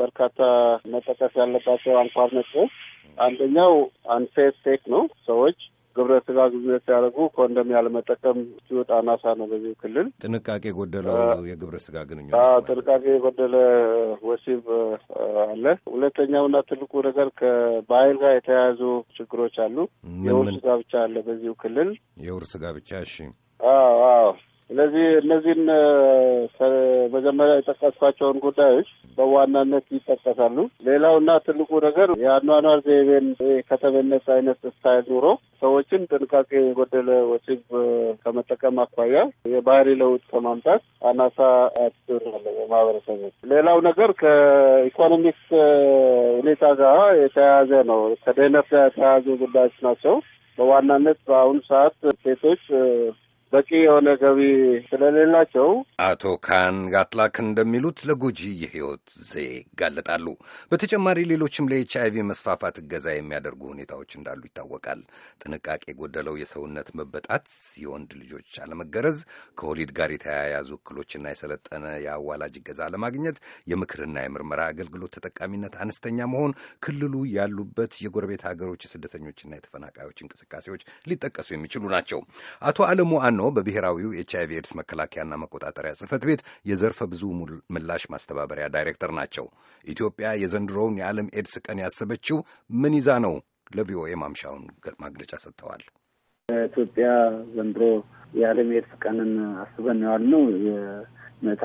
በርካታ መጠቀስ ያለባቸው አንኳር ነጥቦች አንደኛው አንሴፍ ቴክ ነው። ሰዎች ግብረ ስጋ ግንኙነት ሲያደርጉ ኮንደም ያለመጠቀም ሲወጣ አናሳ ነው። በዚህ ክልል ጥንቃቄ ጎደለ የግብረ ስጋ ግንኙነት ጥንቃቄ የጎደለ ወሲብ አለ። ሁለተኛውና ትልቁ ነገር ከባህል ጋር የተያያዙ ችግሮች አሉ። የውርስ ጋብቻ አለ። በዚሁ ክልል የውርስ ጋብቻ እሺ፣ አዎ፣ አዎ ስለዚህ እነዚህን መጀመሪያ የጠቀስኳቸውን ጉዳዮች በዋናነት ይጠቀሳሉ። ሌላውና ትልቁ ነገር የአኗኗር ዘይቤን ከተሜነት አይነት ስታይል ኑሮ ሰዎችን ጥንቃቄ የጎደለ ወሲብ ከመጠቀም አኳያ የባህሪ ለውጥ ከማምጣት አናሳ አትር አለ በማህበረሰቡ። ሌላው ነገር ከኢኮኖሚክስ ሁኔታ ጋር የተያያዘ ነው። ከደህነት ጋር የተያያዙ ጉዳዮች ናቸው። በዋናነት በአሁኑ ሰዓት ሴቶች በቂ የሆነ ገቢ ስለሌላቸው አቶ ካን ጋትላክ እንደሚሉት ለጎጂ የህይወት ዘዬ ይጋለጣሉ። በተጨማሪ ሌሎችም ለኤች አይቪ መስፋፋት እገዛ የሚያደርጉ ሁኔታዎች እንዳሉ ይታወቃል። ጥንቃቄ የጎደለው የሰውነት መበጣት፣ የወንድ ልጆች አለመገረዝ፣ ከወሊድ ጋር የተያያዙ እክሎችና የሰለጠነ የአዋላጅ እገዛ አለማግኘት፣ የምክርና የምርመራ አገልግሎት ተጠቃሚነት አነስተኛ መሆን፣ ክልሉ ያሉበት የጎረቤት ሀገሮች የስደተኞችና የተፈናቃዮች እንቅስቃሴዎች ሊጠቀሱ የሚችሉ ናቸው። አቶ አለሙ ፋኖ በብሔራዊው ኤች አይቪ ኤድስ መከላከያና መቆጣጠሪያ ጽህፈት ቤት የዘርፈ ብዙ ምላሽ ማስተባበሪያ ዳይሬክተር ናቸው። ኢትዮጵያ የዘንድሮውን የዓለም ኤድስ ቀን ያሰበችው ምን ይዛ ነው? ለቪኦኤ ማምሻውን ማግለጫ ሰጥተዋል። ኢትዮጵያ ዘንድሮ የዓለም ኤድስ ቀንን አስበን ነው ያልነው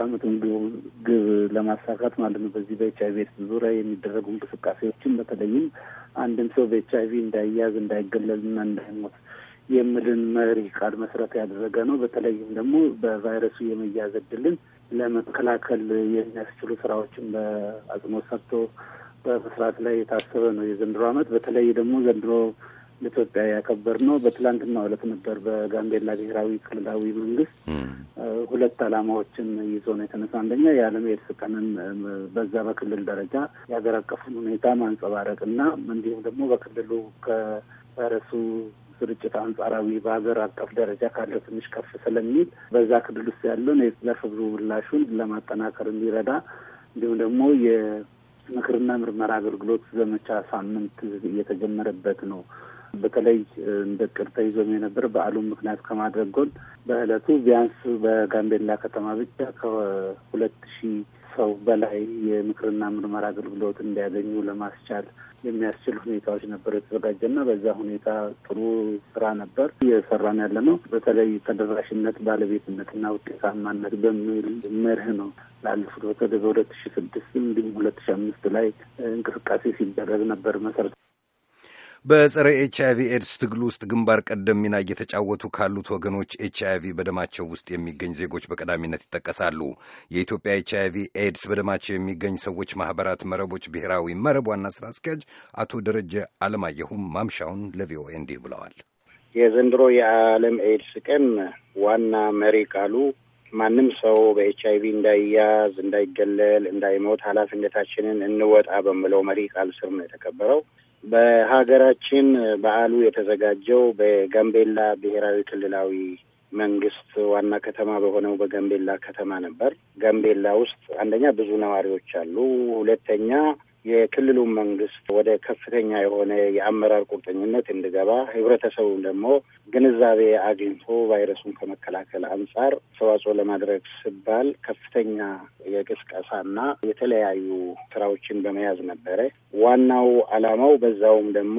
ዓመቱን ግብ ለማሳካት ማለት ነው። በዚህ በኤች አይቪ ኤድስ ዙሪያ የሚደረጉ እንቅስቃሴዎችን በተለይም አንድም ሰው በኤች አይቪ እንዳይያዝ እንዳይገለልና እንዳይሞት የሚልን መሪ ቃል መሰረት ያደረገ ነው። በተለይም ደግሞ በቫይረሱ የመያዝ እድልን ለመከላከል የሚያስችሉ ስራዎችን በአጽንኦት ሰጥቶ በመስራት ላይ የታሰበ ነው የዘንድሮ ዓመት። በተለይ ደግሞ ዘንድሮ ለኢትዮጵያ ያከበር ነው። በትላንትና ዕለት ነበር በጋምቤላ ብሔራዊ ክልላዊ መንግስት ሁለት አላማዎችን ይዞ ነው የተነሳ። አንደኛ የዓለም ኤድስ ቀንን በዛ በክልል ደረጃ ያገረቀፉን ሁኔታ ማንጸባረቅ እና እንዲሁም ደግሞ በክልሉ ከቫይረሱ ስርጭት አንጻራዊ በሀገር አቀፍ ደረጃ ካለው ትንሽ ከፍ ስለሚል በዛ ክልል ውስጥ ያለውን የዘርፈ ምላሹን ለማጠናከር እንዲረዳ እንዲሁም ደግሞ የምክርና ምርመራ አገልግሎት ዘመቻ ሳምንት እየተጀመረበት ነው። በተለይ እንደ ቅር ተይዞም የነበር በዓሉን ምክንያት ከማድረግ ጎን በእለቱ ቢያንስ በጋምቤላ ከተማ ብቻ ከሁለት ሺህ ሰው በላይ የምክርና ምርመራ አገልግሎት እንዲያገኙ ለማስቻል የሚያስችል ሁኔታዎች ነበር የተዘጋጀና በዛ ሁኔታ ጥሩ ስራ ነበር እየሰራን ያለ ነው። በተለይ ተደራሽነት፣ ባለቤትነትና ውጤታማነት በሚል መርህ ነው ላለፉት በተለይ በሁለት ሺ ስድስት እንዲሁም ሁለት ሺ አምስት ላይ እንቅስቃሴ ሲደረግ ነበር መሰረት በጸረ ኤች አይቪ ኤድስ ትግል ውስጥ ግንባር ቀደም ሚና እየተጫወቱ ካሉት ወገኖች ኤች አይቪ በደማቸው ውስጥ የሚገኝ ዜጎች በቀዳሚነት ይጠቀሳሉ። የኢትዮጵያ ኤች አይቪ ኤድስ በደማቸው የሚገኝ ሰዎች ማህበራት መረቦች ብሔራዊ መረብ ዋና ስራ አስኪያጅ አቶ ደረጀ አለማየሁም ማምሻውን ለቪኦኤ እንዲህ ብለዋል። የዘንድሮ የዓለም ኤድስ ቀን ዋና መሪ ቃሉ ማንም ሰው በኤች አይቪ እንዳይያዝ፣ እንዳይገለል፣ እንዳይሞት ኃላፊነታችንን እንወጣ በሚለው መሪ ቃል ስር ነው የተከበረው። በሀገራችን በዓሉ የተዘጋጀው በጋምቤላ ብሔራዊ ክልላዊ መንግስት ዋና ከተማ በሆነው በጋምቤላ ከተማ ነበር። ጋምቤላ ውስጥ አንደኛ ብዙ ነዋሪዎች አሉ፣ ሁለተኛ የክልሉ መንግስት ወደ ከፍተኛ የሆነ የአመራር ቁርጠኝነት እንዲገባ ህብረተሰቡም ደግሞ ግንዛቤ አግኝቶ ቫይረሱን ከመከላከል አንጻር አስተዋጽኦ ለማድረግ ሲባል ከፍተኛ የቅስቀሳና የተለያዩ ስራዎችን በመያዝ ነበረ። ዋናው አላማው በዛውም ደግሞ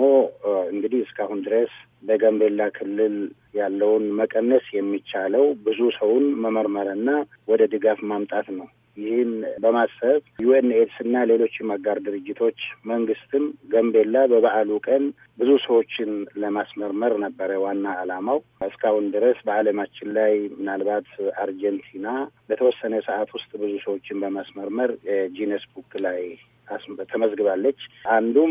እንግዲህ እስካሁን ድረስ በጋምቤላ ክልል ያለውን መቀነስ የሚቻለው ብዙ ሰውን መመርመርና ወደ ድጋፍ ማምጣት ነው። ይህም በማሰብ ዩኤን ኤድስ እና ሌሎችም አጋር ድርጅቶች መንግስትም ገንቤላ በበዓሉ ቀን ብዙ ሰዎችን ለማስመርመር ነበረ ዋና ዓላማው። እስካሁን ድረስ በዓለማችን ላይ ምናልባት አርጀንቲና በተወሰነ ሰዓት ውስጥ ብዙ ሰዎችን በማስመርመር ጂነስ ቡክ ላይ ተመዝግባለች። አንዱም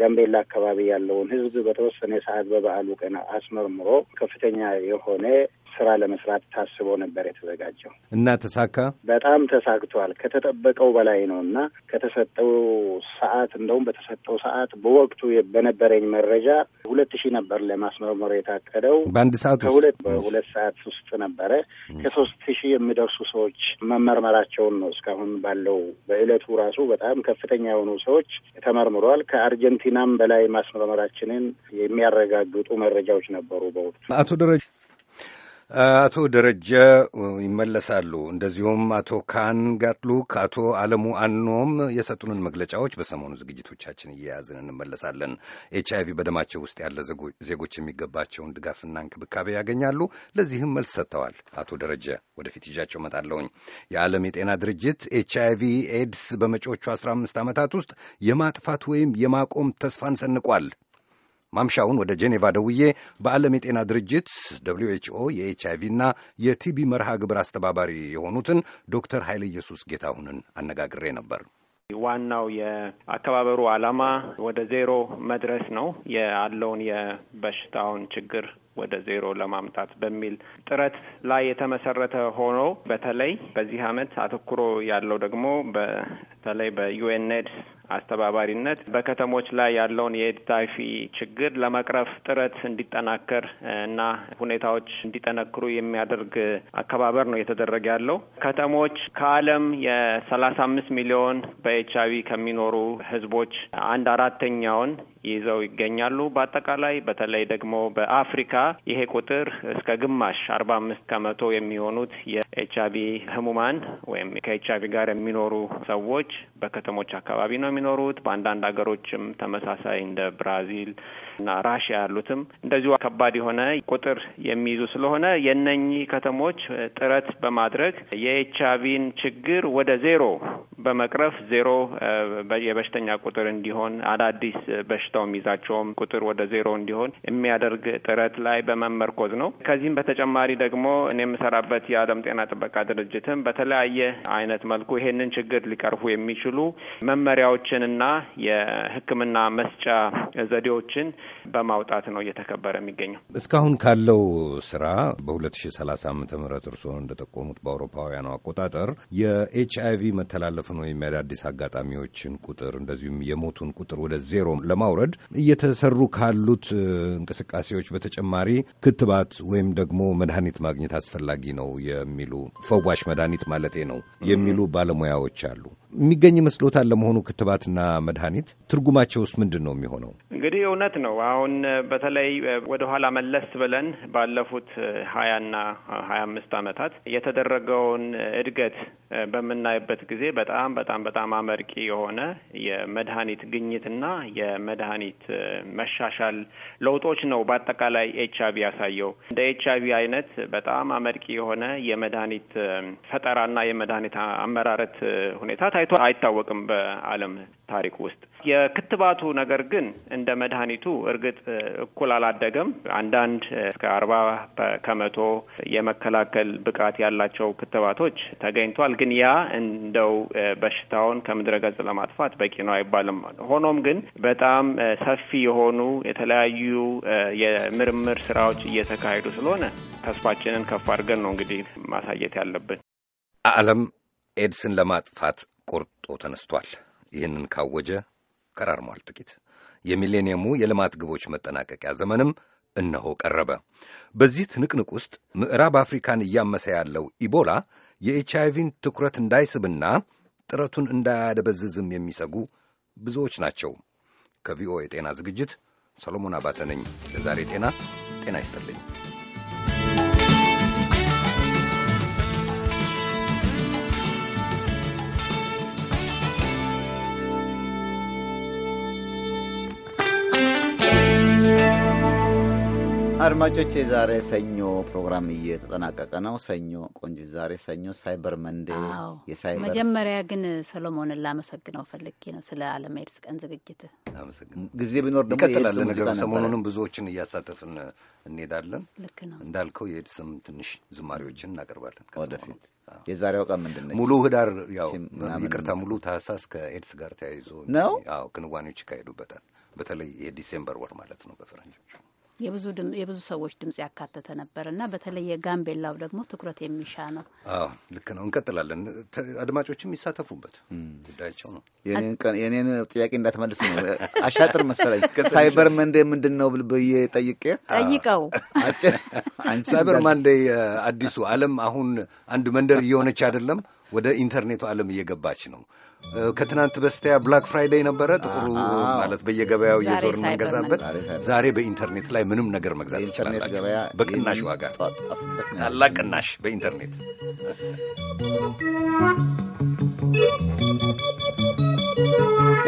ገንቤላ አካባቢ ያለውን ህዝብ በተወሰነ ሰዓት በበዓሉ ቀን አስመርምሮ ከፍተኛ የሆነ ስራ ለመስራት ታስቦ ነበር የተዘጋጀው እና ተሳካ። በጣም ተሳክቷል። ከተጠበቀው በላይ ነው እና ከተሰጠው ሰዓት እንደውም በተሰጠው ሰዓት በወቅቱ በነበረኝ መረጃ ሁለት ሺህ ነበር ለማስመርመር የታቀደው በአንድ ሰዓት ከሁለት በሁለት ሰዓት ውስጥ ነበረ። ከሶስት ሺህ የሚደርሱ ሰዎች መመርመራቸውን ነው እስካሁን ባለው በእለቱ ራሱ በጣም ከፍተኛ የሆኑ ሰዎች ተመርምሯል። ከአርጀንቲናም በላይ ማስመርመራችንን የሚያረጋግጡ መረጃዎች ነበሩ በወቅቱ አቶ ደረጃ አቶ ደረጀ ይመለሳሉ። እንደዚሁም አቶ ካን ጋትሉክ፣ አቶ አለሙ አኖም የሰጡንን መግለጫዎች በሰሞኑ ዝግጅቶቻችን እየያዝን እንመለሳለን። ኤች አይቪ በደማቸው ውስጥ ያለ ዜጎች የሚገባቸውን ድጋፍና እንክብካቤ ያገኛሉ። ለዚህም መልስ ሰጥተዋል አቶ ደረጀ። ወደፊት ይዣቸው መጣለውኝ። የዓለም የጤና ድርጅት ኤች አይቪ ኤድስ በመጪዎቹ አምስት ዓመታት ውስጥ የማጥፋት ወይም የማቆም ተስፋን ሰንቋል ማምሻውን ወደ ጄኔቫ ደውዬ በዓለም የጤና ድርጅት ደብሊው ኤችኦ የኤች አይቪ እና የቲቢ መርሃ ግብር አስተባባሪ የሆኑትን ዶክተር ኃይለ ኢየሱስ ጌታሁንን አነጋግሬ ነበር። ዋናው የአከባበሩ ዓላማ ወደ ዜሮ መድረስ ነው ያለውን የበሽታውን ችግር ወደ ዜሮ ለማምጣት በሚል ጥረት ላይ የተመሰረተ ሆኖ በተለይ በዚህ አመት አተኩሮ ያለው ደግሞ በተለይ በዩኤንኤድ አስተባባሪነት በከተሞች ላይ ያለውን የኤድታይፊ ችግር ለመቅረፍ ጥረት እንዲጠናከር እና ሁኔታዎች እንዲጠነክሩ የሚያደርግ አከባበር ነው እየተደረገ ያለው። ከተሞች ከዓለም የሰላሳ አምስት ሚሊዮን በኤች አይቪ ከሚኖሩ ህዝቦች አንድ አራተኛውን ይዘው ይገኛሉ። በአጠቃላይ በተለይ ደግሞ በአፍሪካ ይሄ ቁጥር እስከ ግማሽ አርባ አምስት ከመቶ የሚሆኑት የኤች አይቪ ህሙማን ወይም ከኤች አይቪ ጋር የሚኖሩ ሰዎች በከተሞች አካባቢ ነው የሚኖሩት። በአንዳንድ ሀገሮችም ተመሳሳይ እንደ ብራዚል እና ራሽያ ያሉትም እንደዚሁ ከባድ የሆነ ቁጥር የሚይዙ ስለሆነ የነኚህ ከተሞች ጥረት በማድረግ የኤች አይቪን ችግር ወደ ዜሮ በመቅረፍ ዜሮ የበሽተኛ ቁጥር እንዲሆን አዳዲስ በሽታው የሚይዛቸውም ቁጥር ወደ ዜሮ እንዲሆን የሚያደርግ ጥረት ላይ በመመርኮዝ ነው። ከዚህም በተጨማሪ ደግሞ እኔ የምሰራበት የዓለም ጤና ጥበቃ ድርጅትም በተለያየ አይነት መልኩ ይሄንን ችግር ሊቀርፉ የሚችሉ መመሪያዎችንና የሕክምና መስጫ ዘዴዎችን በማውጣት ነው እየተከበረ የሚገኘው። እስካሁን ካለው ስራ በ2030 ዓ ም እርስዎን እንደጠቆሙት በአውሮፓውያኑ አቆጣጠር የኤች አይ ቪ መተላለፍን ወይም የአዳዲስ አጋጣሚዎችን ቁጥር እንደዚሁም የሞቱን ቁጥር ወደ ዜሮ ለማውረድ እየተሰሩ ካሉት እንቅስቃሴዎች በተጨማሪ ክትባት ወይም ደግሞ መድኃኒት ማግኘት አስፈላጊ ነው የሚሉ ፈዋሽ መድኃኒት ማለቴ ነው የሚሉ ባለሙያዎች አሉ። የሚገኝ ይመስሎታል? ለመሆኑ ክትባትና መድኃኒት ትርጉማቸውስ ምንድን ነው የሚሆነው? እንግዲህ እውነት ነው። አሁን በተለይ ወደኋላ መለስ ብለን ባለፉት ሀያና ሀያ አምስት ዓመታት የተደረገውን እድገት በምናይበት ጊዜ በጣም በጣም በጣም አመርቂ የሆነ የመድኃኒት ግኝትና የመድኃኒት መሻሻል ለውጦች ነው በአጠቃላይ ኤች አይቪ ያሳየው። እንደ ኤች አይቪ አይነት በጣም አመርቂ የሆነ የመድኃኒት ፈጠራና የመድኃኒት አመራረት ሁኔታ ታይቶ አይታወቅም በዓለም ታሪክ ውስጥ። የክትባቱ ነገር ግን እንደ መድኃኒቱ እርግጥ እኩል አላደገም። አንዳንድ እስከ አርባ ከመቶ የመከላከል ብቃት ያላቸው ክትባቶች ተገኝቷል። ግን ያ እንደው በሽታውን ከምድረ ገጽ ለማጥፋት በቂ ነው አይባልም። ሆኖም ግን በጣም ሰፊ የሆኑ የተለያዩ የምርምር ስራዎች እየተካሄዱ ስለሆነ ተስፋችንን ከፍ አድርገን ነው እንግዲህ ማሳየት ያለብን። ዓለም ኤድስን ለማጥፋት ቆርጦ ተነስቷል። ይህንን ካወጀ ከራርሟል። ጥቂት የሚሌኒየሙ የልማት ግቦች መጠናቀቂያ ዘመንም እነሆ ቀረበ። በዚህ ትንቅንቅ ውስጥ ምዕራብ አፍሪካን እያመሰ ያለው ኢቦላ የኤች አይቪን ትኩረት እንዳይስብና ጥረቱን እንዳያደበዝዝም የሚሰጉ ብዙዎች ናቸው። ከቪኦኤ ጤና ዝግጅት ሰሎሞን አባተ ነኝ። ለዛሬ ጤና ጤና ይስጥልኝ። አድማጮች የዛሬ ሰኞ ፕሮግራም እየተጠናቀቀ ነው። ሰኞ ቆንጆ፣ ዛሬ ሰኞ ሳይበር መንዴ መጀመሪያ ግን ሰሎሞንን ላመሰግነው ፈልጌ ነው ስለ ዓለም ኤድስ ቀን ዝግጅት ጊዜ ቢኖር ደግሞ ይቀጥላል ነገሩ። ሰሞኑንም ብዙዎችን እያሳተፍን እንሄዳለን። ልክ ነው እንዳልከው የኤድስም ትንሽ ዝማሪዎችን እናቀርባለን ወደፊት። የዛሬው ቀን ምንድን ነው? ሙሉ ህዳር ያው ይቅርታ፣ ሙሉ ታህሳስ ከኤድስ ጋር ተያይዞ ነው። አዎ ክንዋኔዎች ይካሄዱበታል። በተለይ የዲሴምበር ወር ማለት ነው በፈረንጆቹ የብዙ ሰዎች ድምጽ ያካተተ ነበር እና በተለይ የጋምቤላው ደግሞ ትኩረት የሚሻ ነው። ልክ ነው። እንቀጥላለን። አድማጮችም ይሳተፉበት ጉዳያቸው ነው። የኔን ጥያቄ እንዳትመልስ ነው። አሻጥር መሰለኝ ሳይበር መንዴ ምንድን ነው ብዬ ጠይቄ ጠይቀው ሳይበር ማንዴ አዲሱ አለም አሁን አንድ መንደር እየሆነች አይደለም ወደ ኢንተርኔቱ ዓለም እየገባች ነው። ከትናንት በስቲያ ብላክ ፍራይዴይ ነበረ፣ ጥቁሩ ማለት በየገበያው እየዞር የምንገዛበት። ዛሬ በኢንተርኔት ላይ ምንም ነገር መግዛት ትችላላችሁ በቅናሽ ዋጋ። ታላቅ ቅናሽ በኢንተርኔት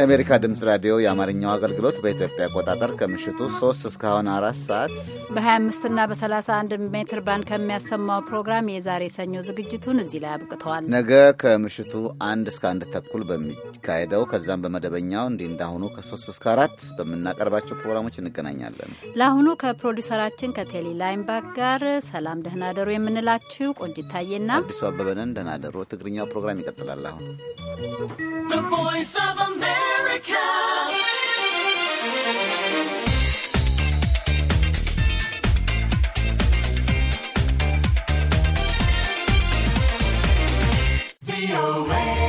የአሜሪካ ድምፅ ራዲዮ የአማርኛው አገልግሎት በኢትዮጵያ አቆጣጠር ከምሽቱ 3 እስካሁን አራት ሰዓት በ25 እና በ31 ሜትር ባንድ ከሚያሰማው ፕሮግራም የዛሬ ሰኞ ዝግጅቱን እዚህ ላይ አብቅተዋል። ነገ ከምሽቱ አንድ እስከ አንድ ተኩል በሚካሄደው ከዛም በመደበኛው እንዲህ እንዳሁኑ ከ3 እስከ አራት በምናቀርባቸው ፕሮግራሞች እንገናኛለን። ለአሁኑ ከፕሮዲውሰራችን ከቴሌ ላይምባክ ጋር ሰላም ደህናደሩ የምንላችሁ ቆንጅታዬና አዲሱ አበበነን። ደህናደሩ ትግርኛው ፕሮግራም ይቀጥላል አሁን The voice of a man away.